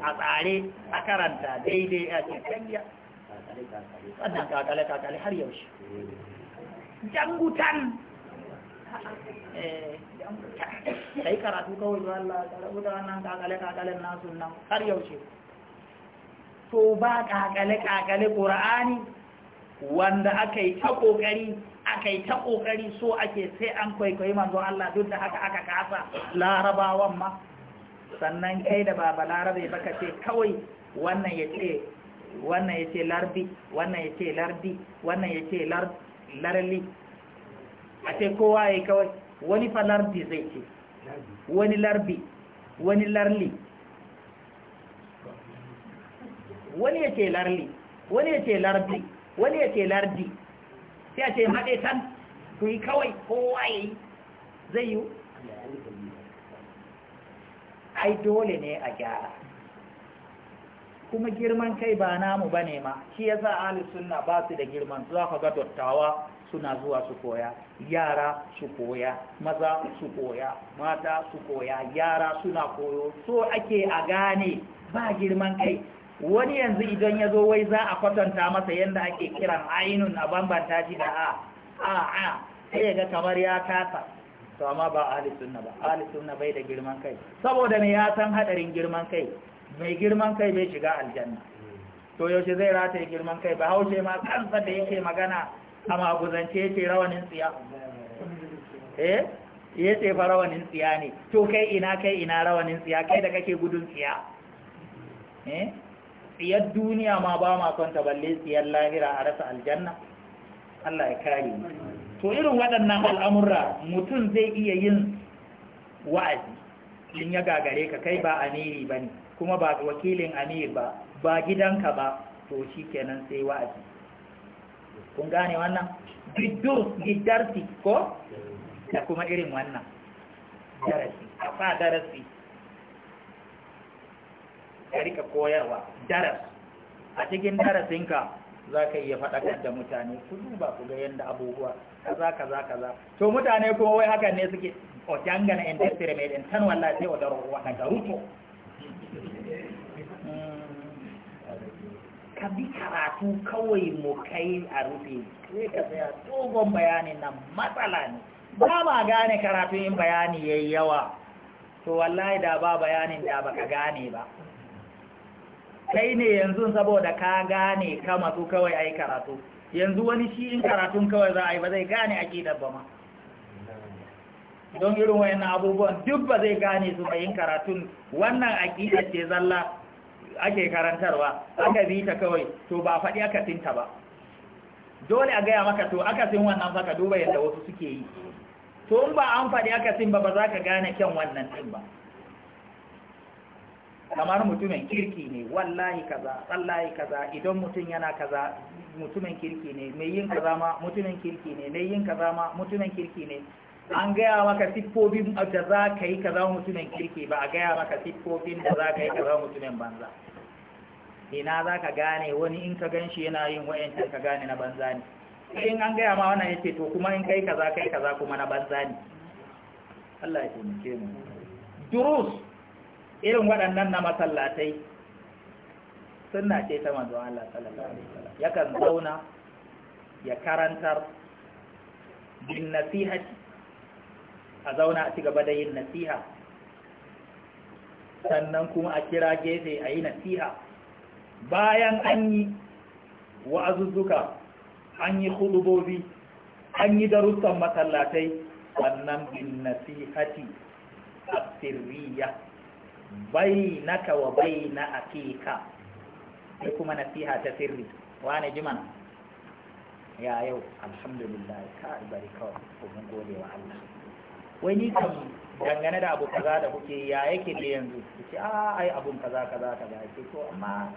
a tsare a karanta daidai a cikin wannan kakale-kakale har yaushe jangutan sai eh, karatu kawai zuwa Allah karatu da wannan kakale-kakalen nasu nan har yaushe to ba kakale-kakale ƙura'ani wanda aka yi ta ƙoƙari aka yi ta ƙoƙari so ake sai an kwaikwayi manzo Allah duk da haka aka kasa larabawan ma sannan kai da ba larabe baka ce kawai wannan ya ce wannan ya ce lardi wannan ya ce lardi wannan ya ce larli a ce kowa ya kawai wani fa lardi zai ce wani larbi wani larli wani ya ce larli wani ya ce lardi wani ya ce lardi sai a ce haɗe tan ku yi kawai kowa ya yi zai yi ai dole ne a gyara kuma girman kai ba namu ba ne ma shi ya sa ahli sunna ba su da girman za ka ga dottawa suna zuwa su koya yara su koya maza su koya mata su koya yara suna koyo so ake a gane ba girman kai wani yanzu idan ya zo wai za a kwatanta masa yadda ake kiran ainun a bambanta shi da a a a sai ga kamar ya kasa to amma ba ahli sunna ba ahli sunna bai da girman kai saboda ne ya san hadarin girman kai mai girman kai bai shiga aljanna to yaushe zai rataye girman kai ba haushe ma kansa da yake magana a maguzance yake rawanin tsiya eh yace fa rawanin tsiya ne to kai ina kai ina rawanin tsiya kai da kake gudun tsiya eh tsiyar duniya ma ba ma son balle tsiyar lahira a rasa aljanna Allah ya kare mu to irin waɗannan al'amurra mutum zai iya yin wa'azi in ya gagare ka kai ba amiri ba ne kuma ba wakilin amir ba ba gidanka ba to shi kenan sai wa'azi kun gane wannan bidur gidarsi ko da kuma irin wannan darasi a fa darasi ka rika koyarwa daras a cikin darasinka za ka iya faɗakar da mutane ku duba ku ga yadda abubuwa kaza kaza kaza to mutane kuma wai hakan ne suke o oh, dangana in tasiri mai ɗin tan wallahi sai wadar wa ka garuto hmm. ka bi karatu kawai mu kai a rufe sai ka tsaya dogon bayanin nan matsala ne ba ma gane karatu in bayani yayi yawa to wallahi da ba bayanin da baka gane ba kai ne yanzu saboda ka gane ka masu kawai a yi karatu yanzu wani shi in karatun kawai za a yi ba zai gane ke dabba ma don irin wayan abubuwan duk ba zai gane su bayin karatun wannan a ce zalla ake karantarwa aka bi ta kawai to ba faɗi aka tinta ba dole a gaya maka to aka sin wannan faka duba yadda wasu suke yi to in ba an faɗi aka sin ba ba za ka gane kyan wannan din ba kamar mutumin kirki ne wallahi kaza tsallahi kaza idan mutum yana kaza mutumin kirki ne mai yin kaza ma mutumin kirki ne mai yin kaza ma mutumin kirki ne an gaya maka siffofin da za ka yi kaza mutumin kirki ba a gaya maka siffofin da za ka yi kaza mutumin banza ina za ka gane wani in ka gan shi yana yin wa'yancin ka gane na banza ne in an gaya ma wannan ce to kuma in kai kaza kai kaza kuma na banza ne Allah ya taimake mu durus irin waɗannan na masallatai suna ce ta manzo Allah sallallahu yakan zauna ya karantar bin nasiha a zauna a cigaba da yin nasiha sannan kuma a kira gefe a yi nasiha bayan an yi wa'azuzzuka an yi hulubobi an yi darussan masallatai sannan bin nasihati a sirriya bai naka wa bai na akika sai kuma nasiha ta sirri wane jimana ya yau alhamdulillah ka bari kawai mun gode wa Allah wai ni kam dangane da abu kaza da kuke ya yake da yanzu ce a ah, ai abun kaza kaza kaza ce to amma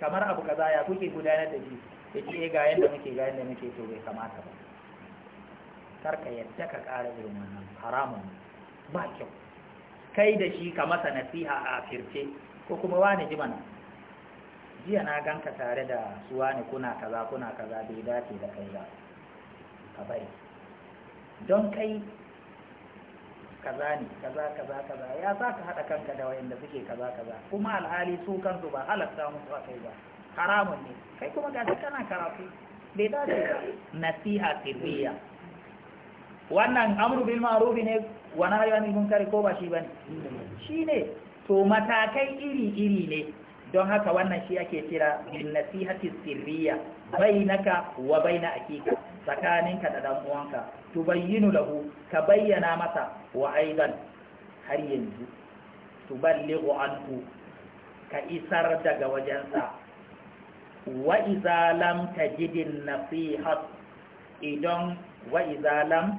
kamar abu kaza ya kuke gudanar da shi yace eh, ga yanda muke ga yanda muke to bai kamata ba karka yadda ka ƙara irin wannan haramun ba kyau kai da shi ka masa nasiha a firce ko kuma wani ji mana jiya na ganka tare da su wani kuna kaza kuna kaza bai dace da kai ba ka bari don kai kaza ne kaza kaza kaza ya za ka haɗa kanka da wayanda suke kaza kaza kuma alhali su kansu ba halatta musu a kai ba haramun ne kai kuma ga kana karatu bai dace ba nasiha sirriya wannan amru bil ma'ruf ne wa na munkari ko ba shi bane shi ne to matakai iri-iri ne don haka wannan shi ake kira bin nasihati sirriya bainaka wa baina akika tsakaninka da dan uwanka tubayyinu lahu ka bayyana masa wa aidan har yanzu tuballighu anhu ka isar daga wajensa wa iza lam tajidin nasihat idan wa iza lam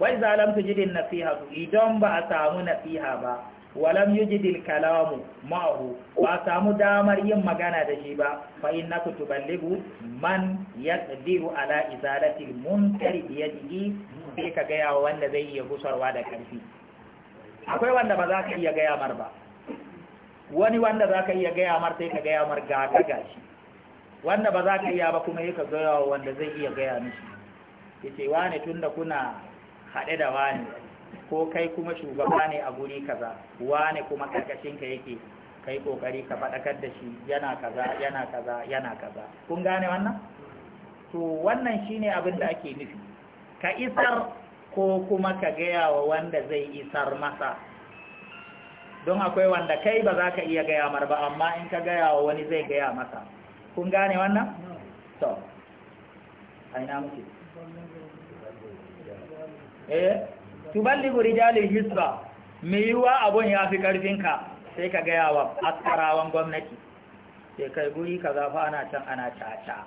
wai zalam tujidin nasiha idan ba a samu nasiha ba walam yujidil kalamu ma'ahu ba a samu damar yin magana da shi ba fa innaka balligu man yaqdiru ala izalatil munkari bi yadihi sai ka gaya wa wanda zai iya gusarwa da karfi akwai wanda ba za ka iya gaya mar ba wani wanda za ka iya gaya mar sai ka gaya mar ga ka gashi wanda ba za ka iya ba kuma sai ka gaya wa wanda zai iya gaya mishi yace wane tunda kuna haɗe da wani ko kai kuma shugaba ne a guri kaza wani kuma karkashinka yake kai ƙoƙari ka faɗakar da shi yana kaza yana kaza yana kaza kun gane wannan to wannan shine abin da ake nufi ka isar ko kuma ka gaya wa wanda zai isar masa don akwai wanda kai ba za ka iya gaya mar ba amma in ka gaya wa wani zai gaya masa kun gane wannan to aina muke eh tuballighu rijalil hisba me yiwa abun ya fi karfin ka sai ka gaya wa askarawan gwamnati sai kai guri ka fa ana can ana caca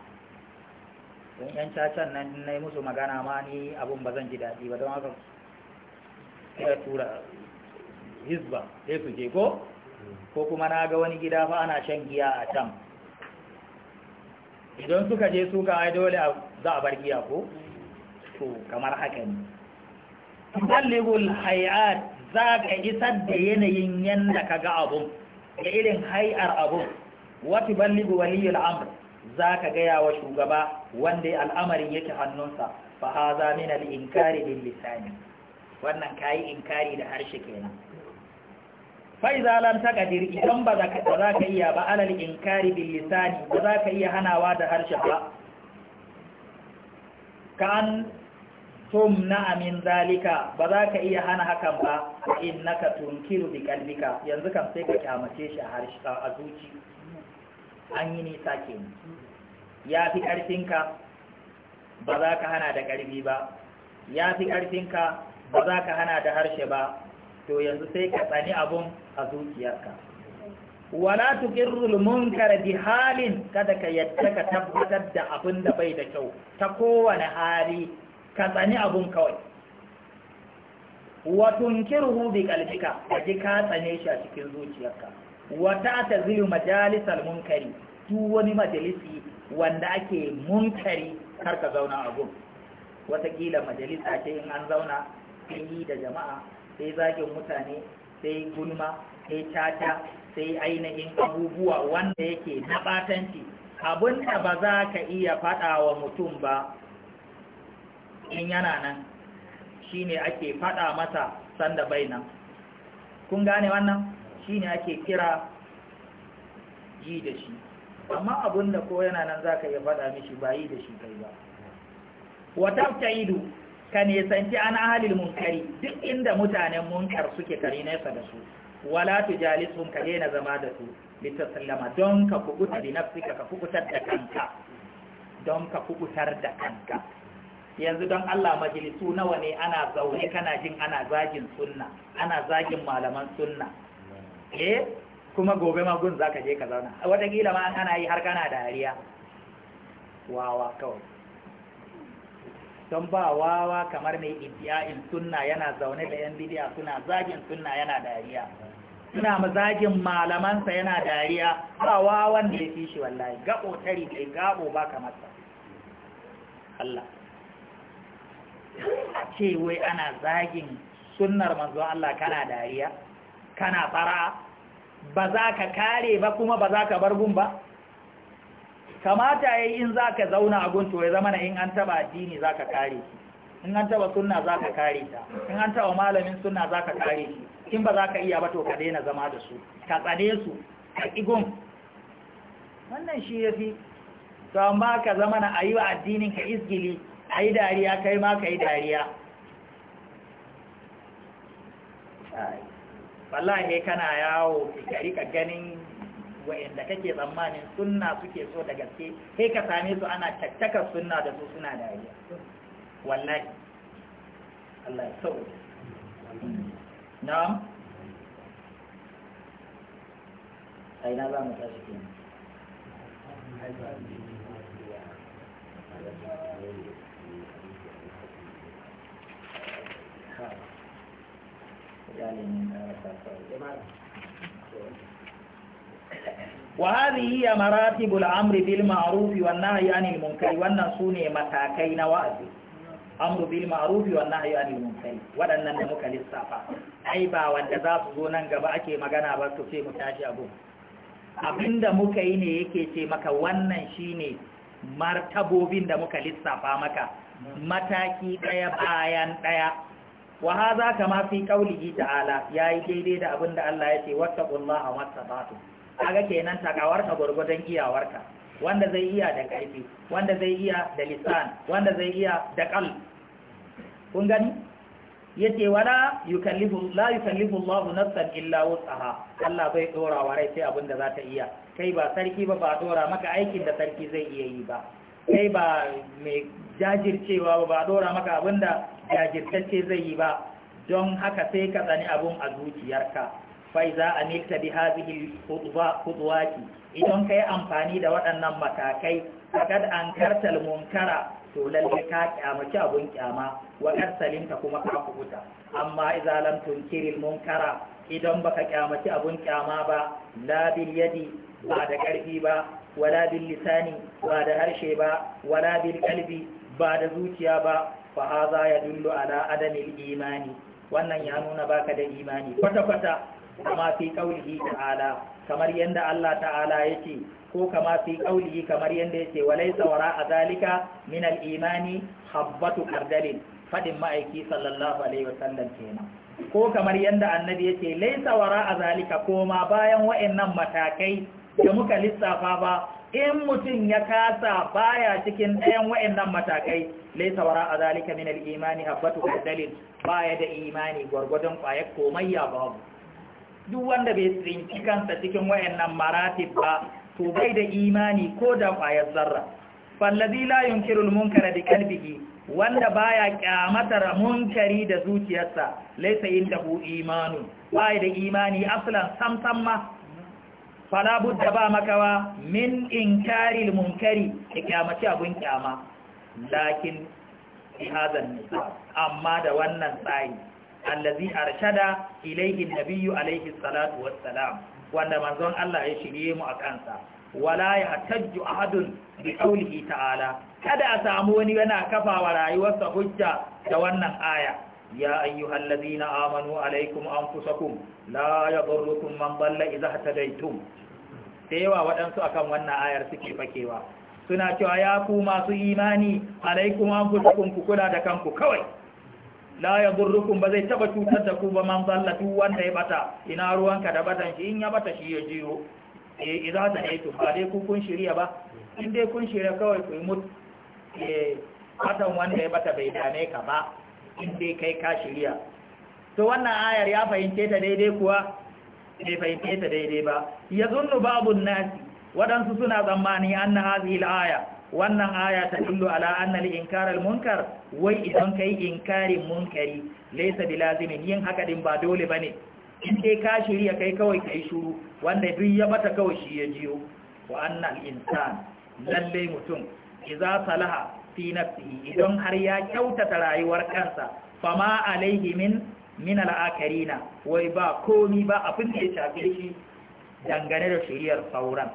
don yan cacan nan na yi musu magana ma ni abun ba zan ji daɗi ba don haka ya tura hisba sai su je ko ko kuma na ga wani gida fa ana shan giya a can idan suka je suka ai dole za a bar giya ko to kamar haka ne balligul hay'at za ka isar da yanayin yanda ka ga abun da irin hay'ar abun wata balligu waliyul amr za ka gaya wa shugaba wanda al'amarin yake hannunsa fa haza min al-inkari bil lisani wannan kai inkari da harshe kenan fa idza lam taqdir idan ba za ka iya ba alal inkari bil lisani ba za ka iya hanawa da harshe ba kan na min zalika ba za ka iya hana hakan ba in innaka tunkiru bi kalbika yanzu kan sai ka kyamace shi a zuci an yi nisa ke ya fi ƙarfinka ba za ka hana da ƙarfi ba ya fi ƙarfinka ba za ka hana da harshe ba to yanzu sai ka tsani abun a zuciyarka wala tuqirrul munkara bi halin kada ka yadda ka tabbatar da abin da bai da kyau ta kowane hali ka tsani abun kawai Watun nkirhu bi qalbika kaji ka tsane shi a cikin zuciyarka wa ta'tazilu majalisal munkari tu wani majalisi wanda ake munkari kar ka zauna a gun watakila majalisa ce in an zauna sai yi da jama'a sai zagin mutane sai gulma sai tata sai ainihin abubuwa wanda yake na batanci Abunda ba za ka iya faɗawa wa mutum ba in yana nan ne ake faɗa mata sanda bai nan kun gane wannan shi ne ake kira yi da shi amma abinda ko yana nan zaka iya faɗa mishi ba yi da shi kai ba wata ta'idu ka nesanci an ahalil munkari duk inda mutanen munkar suke kari nesa da su wala jalisun ka daina zama da su litasallama don ka kubuta da nafsika ka kubutar da kanka don ka kubutar da kanka yanzu don Allah majalisu nawa ne ana zaune kana jin ana zagin sunna ana zagin malaman sunna eh kuma gobe ma gun zaka je ka zauna wataƙila ma ana yi har kana dariya wawa kawai don ba wawa kamar mai iddiya'in sunna yana zaune da yan bidiya suna zagin sunna yana dariya suna mazagin malamansa yana dariya ba wawan da ya fi shi wallahi gabo tari da gabo ba kamar sa Allah a ce wai ana zagin sunnar manzo Allah kana dariya kana fara ba za ka kare ba kuma ba za ka bar gun ba kamata yayi in za ka zauna a gunto to ya zama na in an taba addini za ka kare in an taba sunna za ka kare ta in an taba malamin sunna za ka kare shi in ba za ka iya ba to ka daina zama da su ka tsane su ka igun wannan shi yafi fi to amma ka zama na ayi wa addinin ka izgili a yi dariya kai ma ka yi dariya wallahi kana yawo ka rika ganin wa'anda kake tsammanin sunna suke so da gaske sai ka same su ana tattaka sunna da su suna dariya wallahi Allah ya na'am ai na za mu tashi kenan Amri bil ma'arufi مراتب الامر بالمعروف والنهي عن المنكر وان matakai na wa'azi. Amri bil ma'ruf wa nahyi anil munkar waɗannan da muka lissafa ai ba wanda za su zo nan gaba ake magana ba su ce mu tashi abu abinda muka yi ne yake ce maka wannan shine martabobin da muka lissafa maka mataki ɗaya bayan ɗaya. wa hadha kama fi qawlihi ta'ala yayi daidai da abin da Allah ya ce wattaqullaha wattaqatu kaga kenan takawarka gurgudan iyawarka wanda zai iya da kaifi wanda zai iya da lisan wanda zai iya da qal kun gani yace wala yukallifu la yukallifu Allahu nafsan illa wus'aha Allah bai dora wa rai sai abin da za ta iya kai ba sarki ba ba dora maka aikin da sarki zai iya yi ba kai ba mai jajircewa ba ba dora maka abin da jajirtacce zai yi ba don haka sai ka tsani abun a zuciyarka fai za a nita bi hazihi kuduwaki idan ka yi amfani da waɗannan matakai fakad an kartal munkara to lalle ka kyamaci abun kyama wa karsalinka kuma ka kubuta amma idza lam tunkiril munkara idan baka kyamaci abun kyama ba la bil yadi ba da karfi ba wala bil lisani ba da harshe ba wala bil qalbi ba da zuciya ba Fa'aza ya dullu ala imani wannan ya nuna baka da imani kwata kwata kama fi qaulihi ta'ala kamar yadda Allah ta'ala yake ko kama fi qaulihi kamar yanda yake walaysa wara zalika min al'imani imani habbatu qardalin Faɗin ma'aiki sallallahu alaihi wasallam kenan ko kamar yadda annabi yake laisawara a zalika koma bayan nan matakai da muka lissafa ba in mutum ya kasa baya cikin ɗayan wa'annan matakai laisa wara a zalika min al-imani habbatu dalil baya da imani gwargwadon kwaya komayya babu duk wanda bai tsinci kansa cikin wa'annan maratib ba to bai da imani ko da kwayar zarra fallazi la yunkiru al-munkara bi qalbihi wanda baya kyamatar munkari da zuciyarsa laisa indahu imanu baya da imani aslan sam sam ma fala budda ba makawa min inkaril munkari da kyamaci abun kyama lakin fi hazan amma da wannan tsari allazi arshada ilayhi nabiyyu alayhi salatu wassalam wanda manzon Allah ya shirye mu a kansa wala ya tajju ahadun bi qawlihi ta'ala kada a samu wani yana kafawa rayuwarsa hujja da wannan aya يا أيها الذين آمنوا عليكم أنفسكم لا يضركم من ضل إذا اهتديتم تيوا waɗansu akan wannan ayar suke fakewa suna cewa ya ku masu imani alaikum anfusakum ku kula da kanku kawai la yadurrukum ba zai taba cutar da ku ba man dallatu wanda ya bata ina ruwanka da batan shi in ya bata shi ya jiyo eh idza ta aitu ba dai ku kun shirya ba in dai kun shirya kawai ku yi mut eh wanda ya bata bai dane ka ba in dai kai ka shirya to wannan ayar ya fahimce ta daidai kuwa bai fahimce ta daidai ba ya zunnu babun nasi waɗansu suna tsammani an na hazi aya wannan aya ta dillu ala annal inkarar munkar wai idan kai inkarin munkari laisa bi lazimin yin haka din ba dole bane in dai ka shirya kai kawai kai shuru wanda duk ya bata kawai shi ya jiyo wa annal insan lalle mutum idza salaha fi nafsihi idan har ya kyautata rayuwar kansa fama alaihi min min al'akarina wai ba komi ba abin da ya shafe shi dangane da shiryar sauran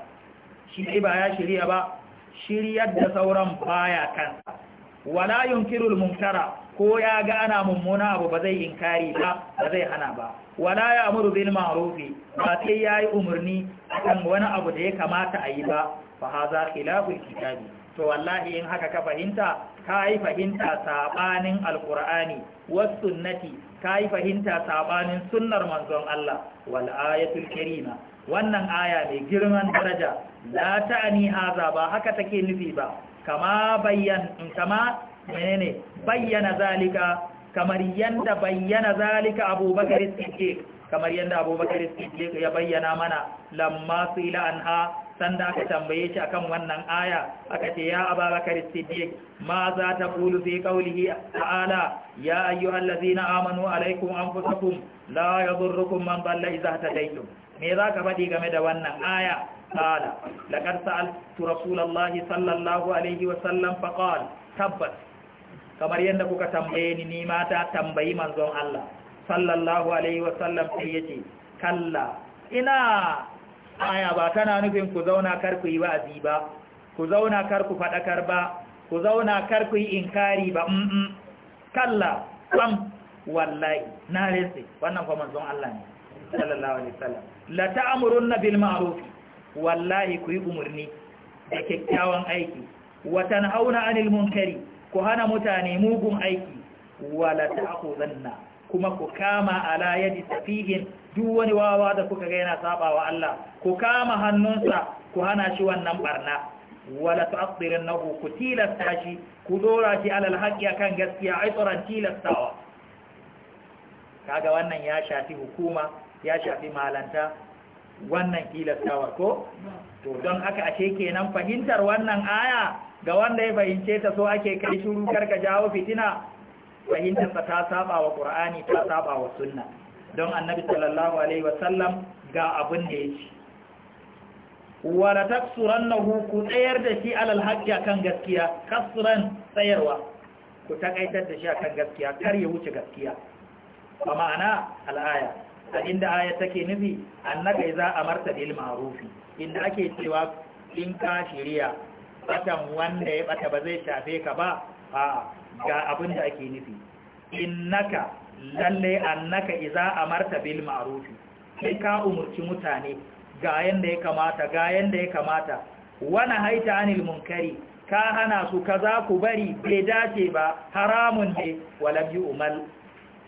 shi ba ya shirya ba shiryar da sauran baya kansa wala yunkirul munkara ko ya ga ana mummuna abu ba zai inkari ba ba zai hana ba wala ya amuru bil ma'rufi ba sai yayi umurni kan wani abu da ya kamata a yi ba fa hadha khilaful kitabi to wallahi in haka ka fahimta ka yi fahimta saɓanin Alƙur'ani was sunnati ka yi fahimta sabanin sunnar manzon Allah wal ayatul karima wannan aya mai girman daraja la ta'ani haza ba haka take nufi ba kama bayyan kama menene bayyana zalika kamar yanda bayyana zalika abubakar siddiq kamar yanda abubakar siddiq ya bayyana mana lamma su ila anha sanda aka tambaye shi akan wannan aya aka ce ya ababakar siddiq ma za ta qulu fi qawlihi ta'ala ya ayyuhallazina amanu alaikum anfusakum la yadurrukum man dalla idza hadaytum me za ka faɗi game da wannan aya qala laqad sa'altu rasulallahi sallallahu alaihi wa sallam fa qala tabbas kamar yadda kuka tambaye ni ni ma ta tambayi manzon Allah sallallahu alaihi wa sallam sai yace kalla ina aya ba tana nufin ku zauna kar ku yi wa'azi ba ku zauna kar ku faɗakar ba ku zauna kar ku yi inkari ba mm kalla kam wallahi na rese wannan kuma manzon Allah ne sallallahu alaihi wasallam la ta'muruna bil ma'ruf wallahi ku yi umurni da kyakkyawan aiki wa tanhauna 'anil munkari ku hana mutane mugun aiki wa la ta'khudhanna kuma ku kama ala yadi safihin duk wani wawa da kuka ga yana sabawa Allah ku kama hannunsa ku hana shi wannan barna wala tu'adhirunahu ku tilasta shi ku dora shi alal haqqi akan gaskiya ai tsoron tilastawa kaga wannan ya shafi hukuma ya shafi malanta wannan tilastawa ko to don haka ashe kenan fahimtar wannan aya ga wanda ya fahimce ta so ake kai shuru karka jawo fitina fahimtarsa ta saba wa ƙur'ani ta saba wa sunna don annabi sallallahu alaihi wasallam ga abin da ya ce wala taksurannahu ku tsayar da shi alal haqqi akan gaskiya kasran tsayarwa ku takaitar da shi akan gaskiya kar ya wuce gaskiya fa ma'ana al'aya a inda aya take nufi annabi za amarta bil ma'rufi inda ake cewa in ka shiriya batan wanda ya bata ba zai shafe ka ba a'a ga abin da ake nufi innaka lalle annaka iza amarta bil ma'ruf sai ka umurci mutane ga yanda ya kamata ga yanda ya kamata wana haita anil munkari ka hana su kaza ku bari bai dace ba haramun ne walam umal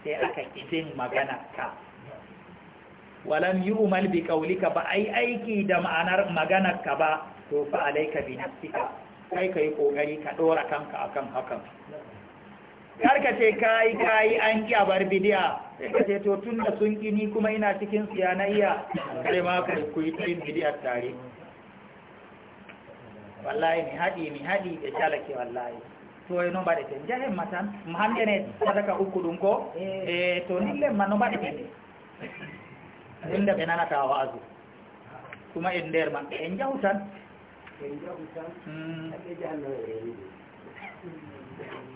sai aka idin magana ka walam umal bi kaulika ba ai aiki da ma'anar maganar ka ba to fa alayka bi nafsika kai kai kokari ka dora kanka akan hakan kar ka ce kayi kayi an ki bar bidiya sai ka ce to tun da sun kini kuma ina cikin siyanayya na iya kare ma ku yi cikin bidiya tare wallahi ni haɗi ni haɗi da shalake wallahi to yi no da ten jahe matan muhammed ne sadaka uku dun ko eh, eh to le ma no da ten inda ɓe nanata waasu kuma in der ma. en jawtan en jawtan hmm. aɓe jahannama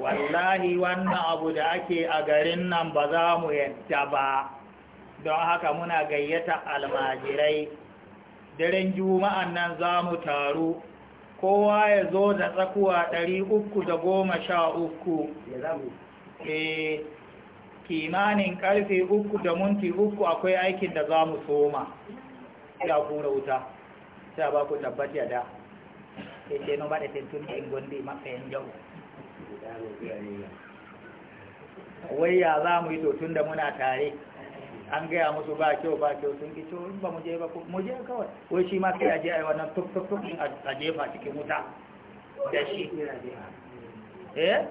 wallahi wannan abu da ake a garin nan ba za mu yadda ba don haka muna gayyata almajirai daren juma'an nan za mu taru kowa ya zo da tsakuwa ɗari uku da goma sha uku eh, kimanin karfe uku da munti uku akwai aikin da za mu soma ya kura wuta cewa ba ku tabbati da sai ce no baɗe tun in gondi matsayin jau wai ya za mu yi tun da muna tare an gaya musu ba kyau ba kyau sun ki in ba mu je ba mu je kawai wai shi ma sai a je a yi wannan tuk tuk tuk a jefa cikin wuta da shi eh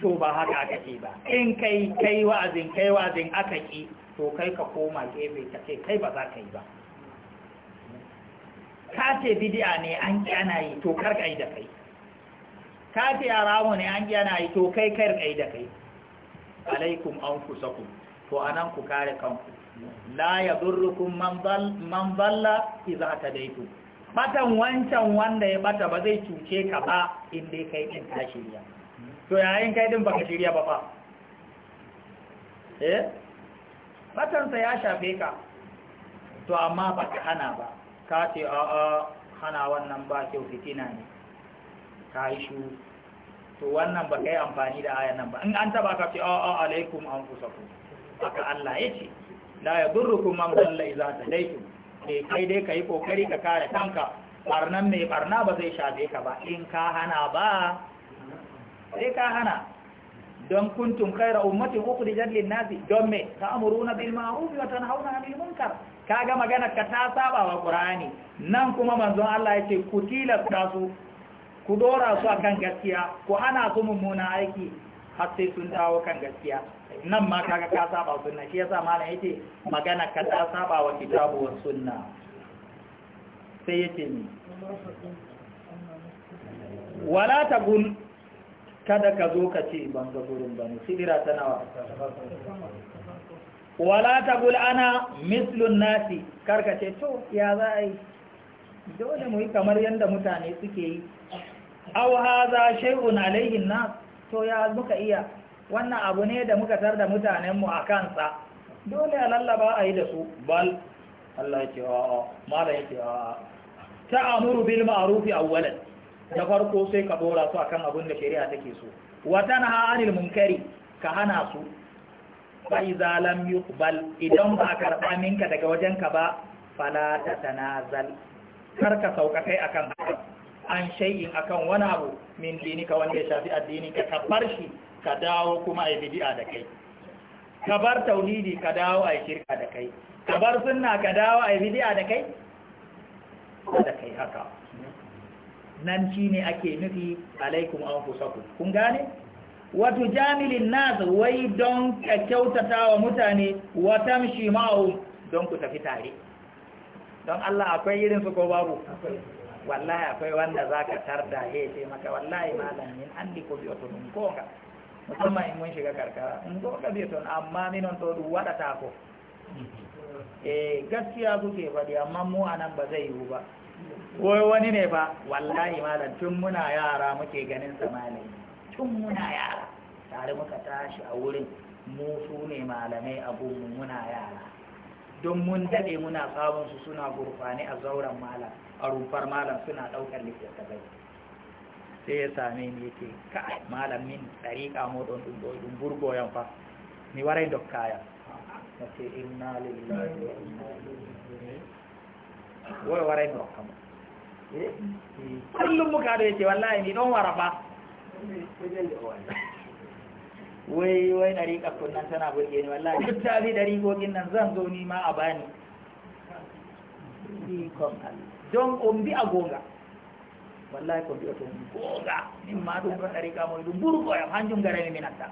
to ba haka aka ce ba in kai kai wa'azin kai wa'azin aka ki to kai ka koma gefe ka ce kai ba za ka yi ba kace bid'a ne an kyana yi to kar da kai kace ce haramu ne an kyana yi to kai kar da kai alaikum anfusakum to anan ku kare kanku la yadurrukum man dal man dalla idza tadaitu batan wancan wanda ya bata ba zai cuce ka ba in dai kai din ka shirya to yayin kai din baka shirya ba fa eh batansa ya shafe ka to amma baka hana ba ka ce a'a hana wannan ba kyau fitina ne ka yi shu to wannan ba kai amfani da ayan nan ba in an taba ka ce a'a alaikum an ku aka Allah ya ce la ya ku man dalla ta tadaytum ne eh, kai dai kai kokari ka kare kanka barnan mai barna ba zai shafe ka ba in ka hana ba sai ka hana don kuntum khaira ummatin ukhrijat lin nasi don me ta'muruna bil ma'ruf wa tanhauna 'anil munkar kaga magana ka ta saba wa qur'ani nan kuma manzon Allah ya ce ku tilasta su ku dora su akan gaskiya ku hana su mummuna aiki har sai sun dawo kan gaskiya nan ma kaga ka saba sunna shi yasa malam yake magana ka ta saba wa kitabu wa sunna sai yace ni wala tagun kada ka zo ka ce ban ga gurin ba ne sidira ta nawa wala ta ana mislun nasi karka ce to ya za a yi dole mu yi kamar yadda mutane suke yi au haza shay'un alaihin nas to ya muka iya wannan abu ne da muka tar da mutanenmu a kansa dole a lallaba a yi da su bal Allah ya ce a'a mala ya ce ta'amuru bil ma'ruf awwalan da farko sai ka dora su akan abin da shari'a take so wa ha anil munkari ka hana su fa iza lam yuqbal idan ba karba minka daga wajenka ba fala tatanazal kar ka sauka kai akan an shay'in akan wani abu min dinika wanda ya shafi addini ka kabar shi ka dawo kuma ai bid'a da kai ka bar tauhidi ka dawo ai shirka da kai ka bar sunna ka dawo ai bid'a da kai da kai haka nan shi ne ake nufi alaikum an fusaku kun gane wato jamilin nasu wai don ka kyautata wa mutane wa tamshi ma'ahum don ku tafi tare don Allah akwai irin su ko babu wallahi akwai wanda zaka tarda he ce maka wallahi malamin an di ko biyo to mun ko ka musamman in mun shiga karkara in zo ka biyo to amma min on to du wada ta ko (laughs) eh gaskiya kuke faɗi amma mu anan ba zai yiwu ba wai wani ne ba wallahi malam tun muna yara muke ganin sa malami tun muna yara tare muka tashi a wurin mu su ne malamai abun muna yara don mun daɗe muna samun su suna gurfani a zauren malam a rumfar malam suna ɗaukar littattafai sai ya same ni yake kai malam min ɗariƙa mo don burgo yan fa ni warai dokkaya na ce inna lillahi wa inna ilaihi wai warai mu kama eh? kullum muka da yace wallahi ni don wara ba wai wai dariƙa kunnan tana burge ni wallahi duk ta bi dariƙoƙin nan zan zo ni ma a bani don ombi wala wallahi ko mbiyoto mi googa ni ma ɗum ɗon ɗariga moye ɗum ɓuurgoyam hanjum garani minanta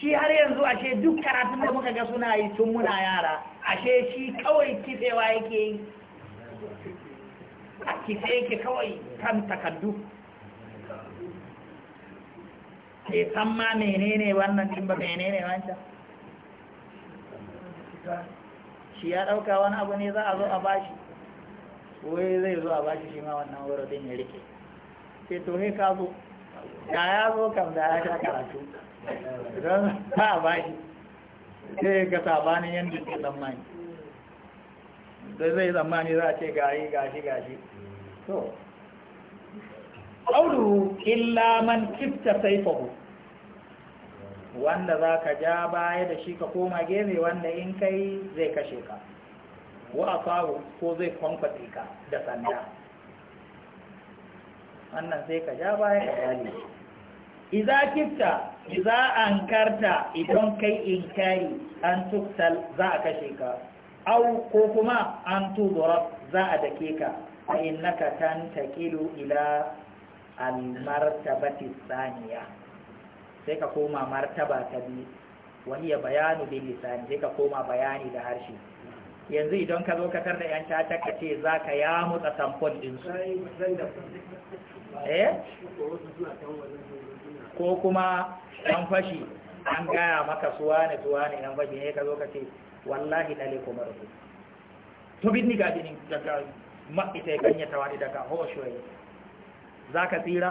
shi har yanzu ashe duk karatun da muka ga suna yi tun muna yara ashe shi kawai kifewa yake yi a kife yake kawai kan takaddu ke san ma menene wannan din ba menene wancan shi ya ɗauka wani abu ne za a zo a bashi wai zai zo a bashi shi ma wannan wurin ya rike sai to ne ka zo da ya zo kam da ya sha karatu idan za a bashi sai ga sabanin yadda ke tsammani sai zai tsammani za a ce gari gashi gashi so ƙauru illa man kifta saifahu wanda za ka ja baya da shi ka koma gefe wanda in kai zai kashe ka wa a ko zai kwankwatse ka da sanda wannan sai ka ja baya ka gane iza kifta iza an karta idan kai inkari an tuktal za a kashe ka au ko kuma an tuzurab za a dake ka fa innaka tantaqilu ila al martabati thaniya sai ka koma martaba ta biyu wahiya bayanu bil lisan sai ka koma bayani da harshe yanzu idan ka zo ka tarda yan tata ka ce za ka ya mutsa tamfon din su eh ko kuma ɗan fashi an gaya maka suwa ne suwa ne ɗan fashi ne ka zo ka ce wallahi ɗale ko mara to bi ni ga ne daga ma'ita ya ganye wani daga hoshoyi za ka tsira?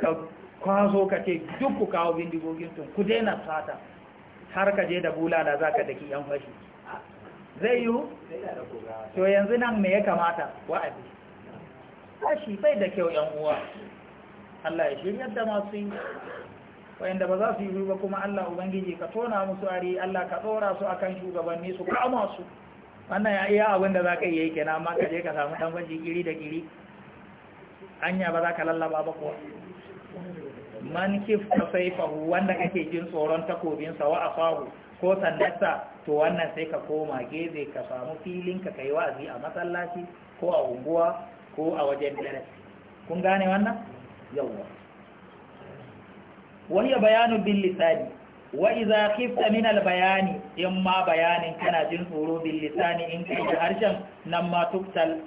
ka kwazo ka ce duk ku kawo bindigogin tun ku daina sata har ka je da bulala za ka daki yan fashi zai yiwu? to yanzu nan me ya kamata wa'azi fashi bai da kyau yan uwa Allah ya shirya da masu yi wayanda ba za su yi ba kuma Allah ubangiji ka tona musu ari Allah ka tsora su akan shugabanni su kama su wannan ya iya abin da zaka iya yi kenan amma ka je ka samu dan gwaji kiri da kiri anya ba za ka lallaba ba kuwa man sai saifahu wanda kake jin tsoron takobinsa wa afahu ko sandarsa to wannan sai ka koma geze ka samu filin ka kai wa'azi a masallaci ko a unguwa ko a wajen dare kun gane wannan yawwa wani bayanu bin lisani wa idza khifta min al bayani in ma bayanin kana jin tsoro bin lisani in kai da harshen nan ma tuktal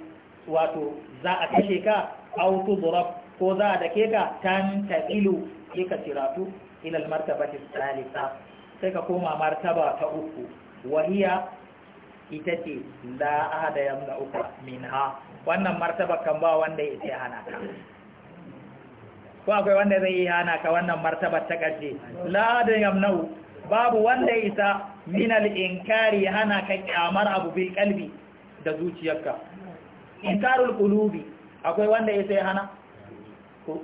wato za a kashe ka aw tudrab ko za a dake ka tan taqilu ka siratu ila al martabati thalitha sai ka koma martaba ta uku wahiya ita ce la ahada yamna uka minha wannan martaba kan ba wanda ya hana ka ko akwai wanda zai yi hana ka wannan martabar ta ƙarshe la da yamnau babu wanda isa minal inkari hana ka kyamar abu bil kalbi da zuciyarka inkarul qulubi akwai wanda isa ya hana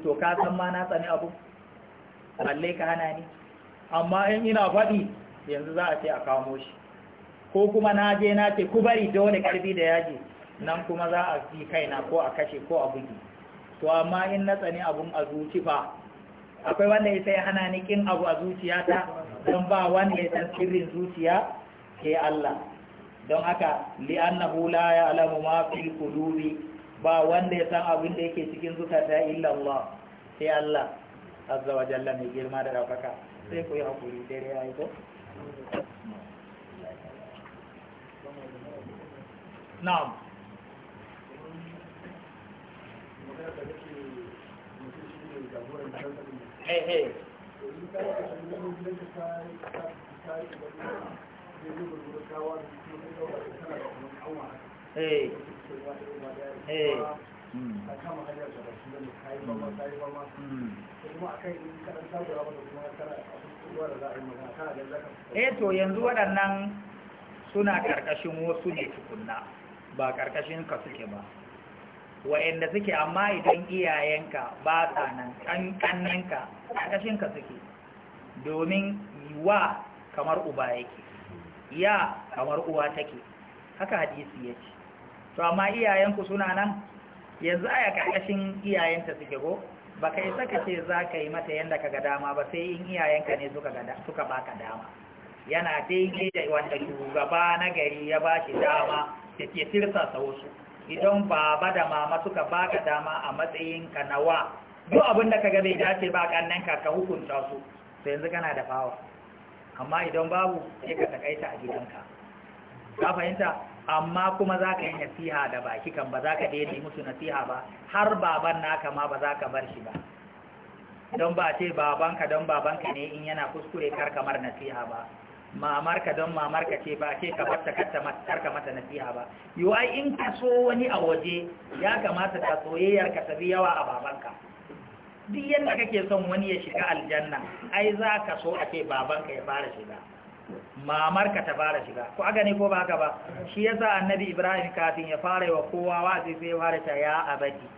to ka san ma na tsani abu balle ka hana ni amma in ina faɗi yanzu za a ce a kamo shi ko kuma na je na ce ku bari dole karfi da yaji nan kuma za a fi kaina ko a kashe ko a bugi to amma in na tsani abun a zuci akwai wanda ya sai hana ni kin abu a zuciyata don ba wanda ya san sirrin zuciya ke Allah don haka annahu la ya'lamu ma fil qulubi ba wanda ya san abin da yake cikin zukata illa Allah sai Allah azza wa jalla mai girma da daukaka sai ku yi hakuri dai ko na'am eh to yanzu waɗannan suna ƙarƙashin wasu ne tukunna ba ƙarƙashin ka suke ba wa'anda suke amma idan iyayenka ba sa nan ƙanƙanninka ƙarƙashinka suke domin wa kamar uba yake ya kamar uwa take haka hadisi ya ce to amma iyayenku suna nan yanzu aya ƙarƙashin iyayenta suke go ba ka isa ka ce za ka yi mata yadda ka ga dama ba sai in iyayenka ne suka baka dama yana daidai da wanda shugaba na gari ya ba shi dama da ke tirsasa wasu idan baba da mama suka baka dama a matsayin matsayinka nawa duk abin da ga bai dace ba kannanka ka hukunta su sai yanzu kana da fawa amma idan babu sai ka takaita a gidanka ka fahimta amma kuma za ka yi nasiha da baki kan ba za ka daina yi musu nasiha ba har baban naka ma ba za ka bar shi ba don ba ce babanka don babanka ne in yana kuskure kar kamar nasiha ba mamarka don mamarka ce ba ce ka bata karka mata nasiha ba yiwuwa in ka so wani a waje ya kamata ka soyayyar ka tabi yawa a babanka duk yadda kake son wani ya shiga aljanna ai za ka so a ce babanka ya fara shiga mamarka ta fara shiga ko aga ne ko ba haka ba shi yasa annabi ibrahim kafin ya fara wa kowa zai sai fara ta ya abadi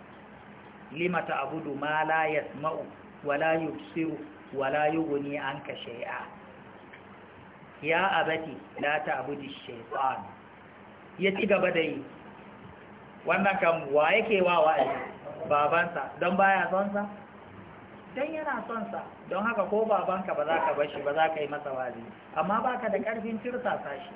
lima ta abudu ma la yasma'u wala yubsiru wala yughni anka shay'a ya abati la ta'budi shaytan ya ci gaba da yi wannan kan wa yake wa yi. babansa don baya son sa don yana son sa don haka ko babanka ba za ka bar shi ba za ka yi masa wa'azi amma baka da karfin tirsasa shi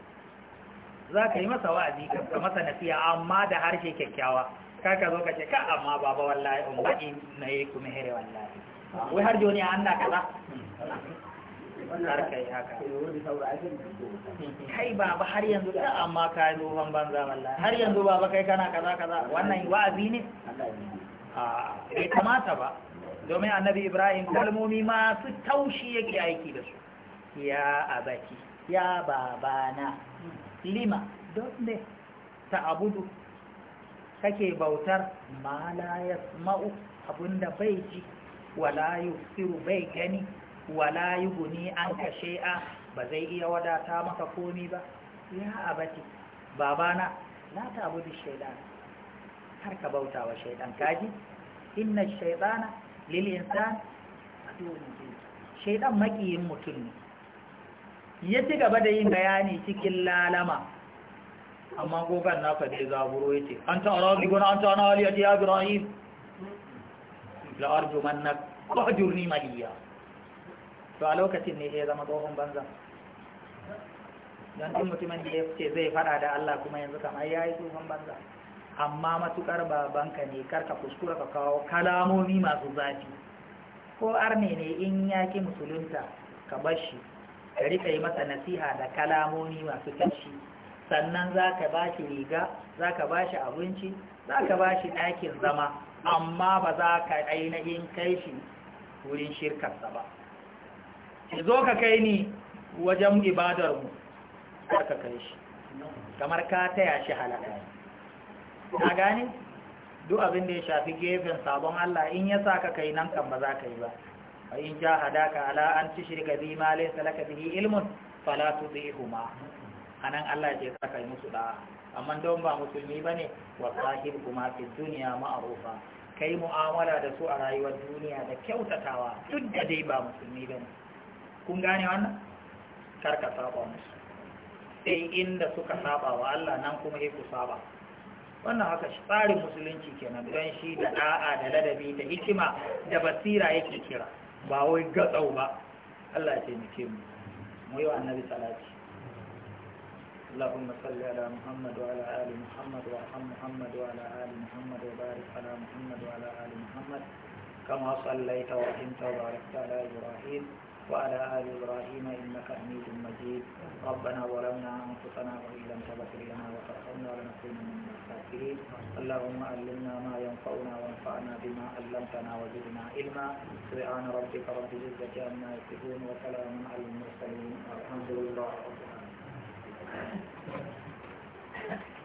za ka yi masa wa'azi ka masa nasiha, amma da harshe kyakkyawa kaka zo ka ce ka amma baba wallahi umma in na yi kuma here wallahi wai har joni an kaza karkai haka eh, kai baba har yanzu da amma ka yi tsohon banza wallahi har yanzu baba kai kana kaza kaza wannan wa'azi ne a kamata ba domin annabi ibrahim kalmomi masu taushi yake aiki da su ya abaki ya babana lima don ne ta abudu kake bautar ma la yasma'u abunda bai ji wala yusiru bai gani wala yughni an kashe a ba zai iya wadata maka komi ba ya abati babana la ta'budu shaytan har ka bauta wa shaytan kaji inna shaytana lil insan aduwwun shaytan makiyin mutum ne ya ci gaba da yin bayani cikin lalama amma gogan naka dai zaburo yace an ta arabi gona an ta na ali ya ibrahim la manna wahjurni maliya to a lokacin ne ya zama tsohon banza don tun mutumin da ya ce zai fada da Allah kuma yanzu kamar ya yi tsohon banza amma matukar babanka ne karka kuskura ka kawo kalamomi masu zafi ko arne ne in yaki musulunta ka bar shi ka rika yi masa nasiha da kalamomi masu tashi sannan za ka ba shi riga za ka ba shi abinci za ka ba shi ɗakin zama amma ba za ka ainihin kai shi wurin shirkarsa ba zo ka kai ni wajen ibadarmu ka kai shi kamar ka taya shi halaka na gane duk abin da ya shafi gefen sabon Allah in ya sa ka kai nan kan ba za ka yi ba a in ja hadaka ala an ci shirka bi ma laysa laka bihi ilmun fala tudihuma anan Allah ya sa ka yi musu da amma don ba musulmi bane wa kuma fi duniya ma'rufa kai mu'amala da su a rayuwar duniya da kyautatawa duk da dai ba musulmi bane kun gane wannan karka saba musu sai inda suka saba wa Allah nan kuma yake saba wannan haka shi tsarin musulunci kenan don shi da da'a da ladabi da hikima da basira yake kira ba wai gatsau ba Allah ya taimake mu mu yi wa annabi salati اللهم صل على محمد وعلى آل محمد وارحم محمد وعلى آل محمد وبارك على محمد وعلى آل محمد كما صليت ورحمت وباركت على إبراهيم وعلى آل إبراهيم إنك حميد مجيد ربنا ظلمنا أنفسنا وإن لم تغفر لنا وترحمنا لنكون من الخاسرين اللهم علمنا ما ينفعنا وانفعنا بما علمتنا وزدنا علما سبحان ربك رب العزة عما يصفون وسلام على المرسلين الحمد لله رب العالمين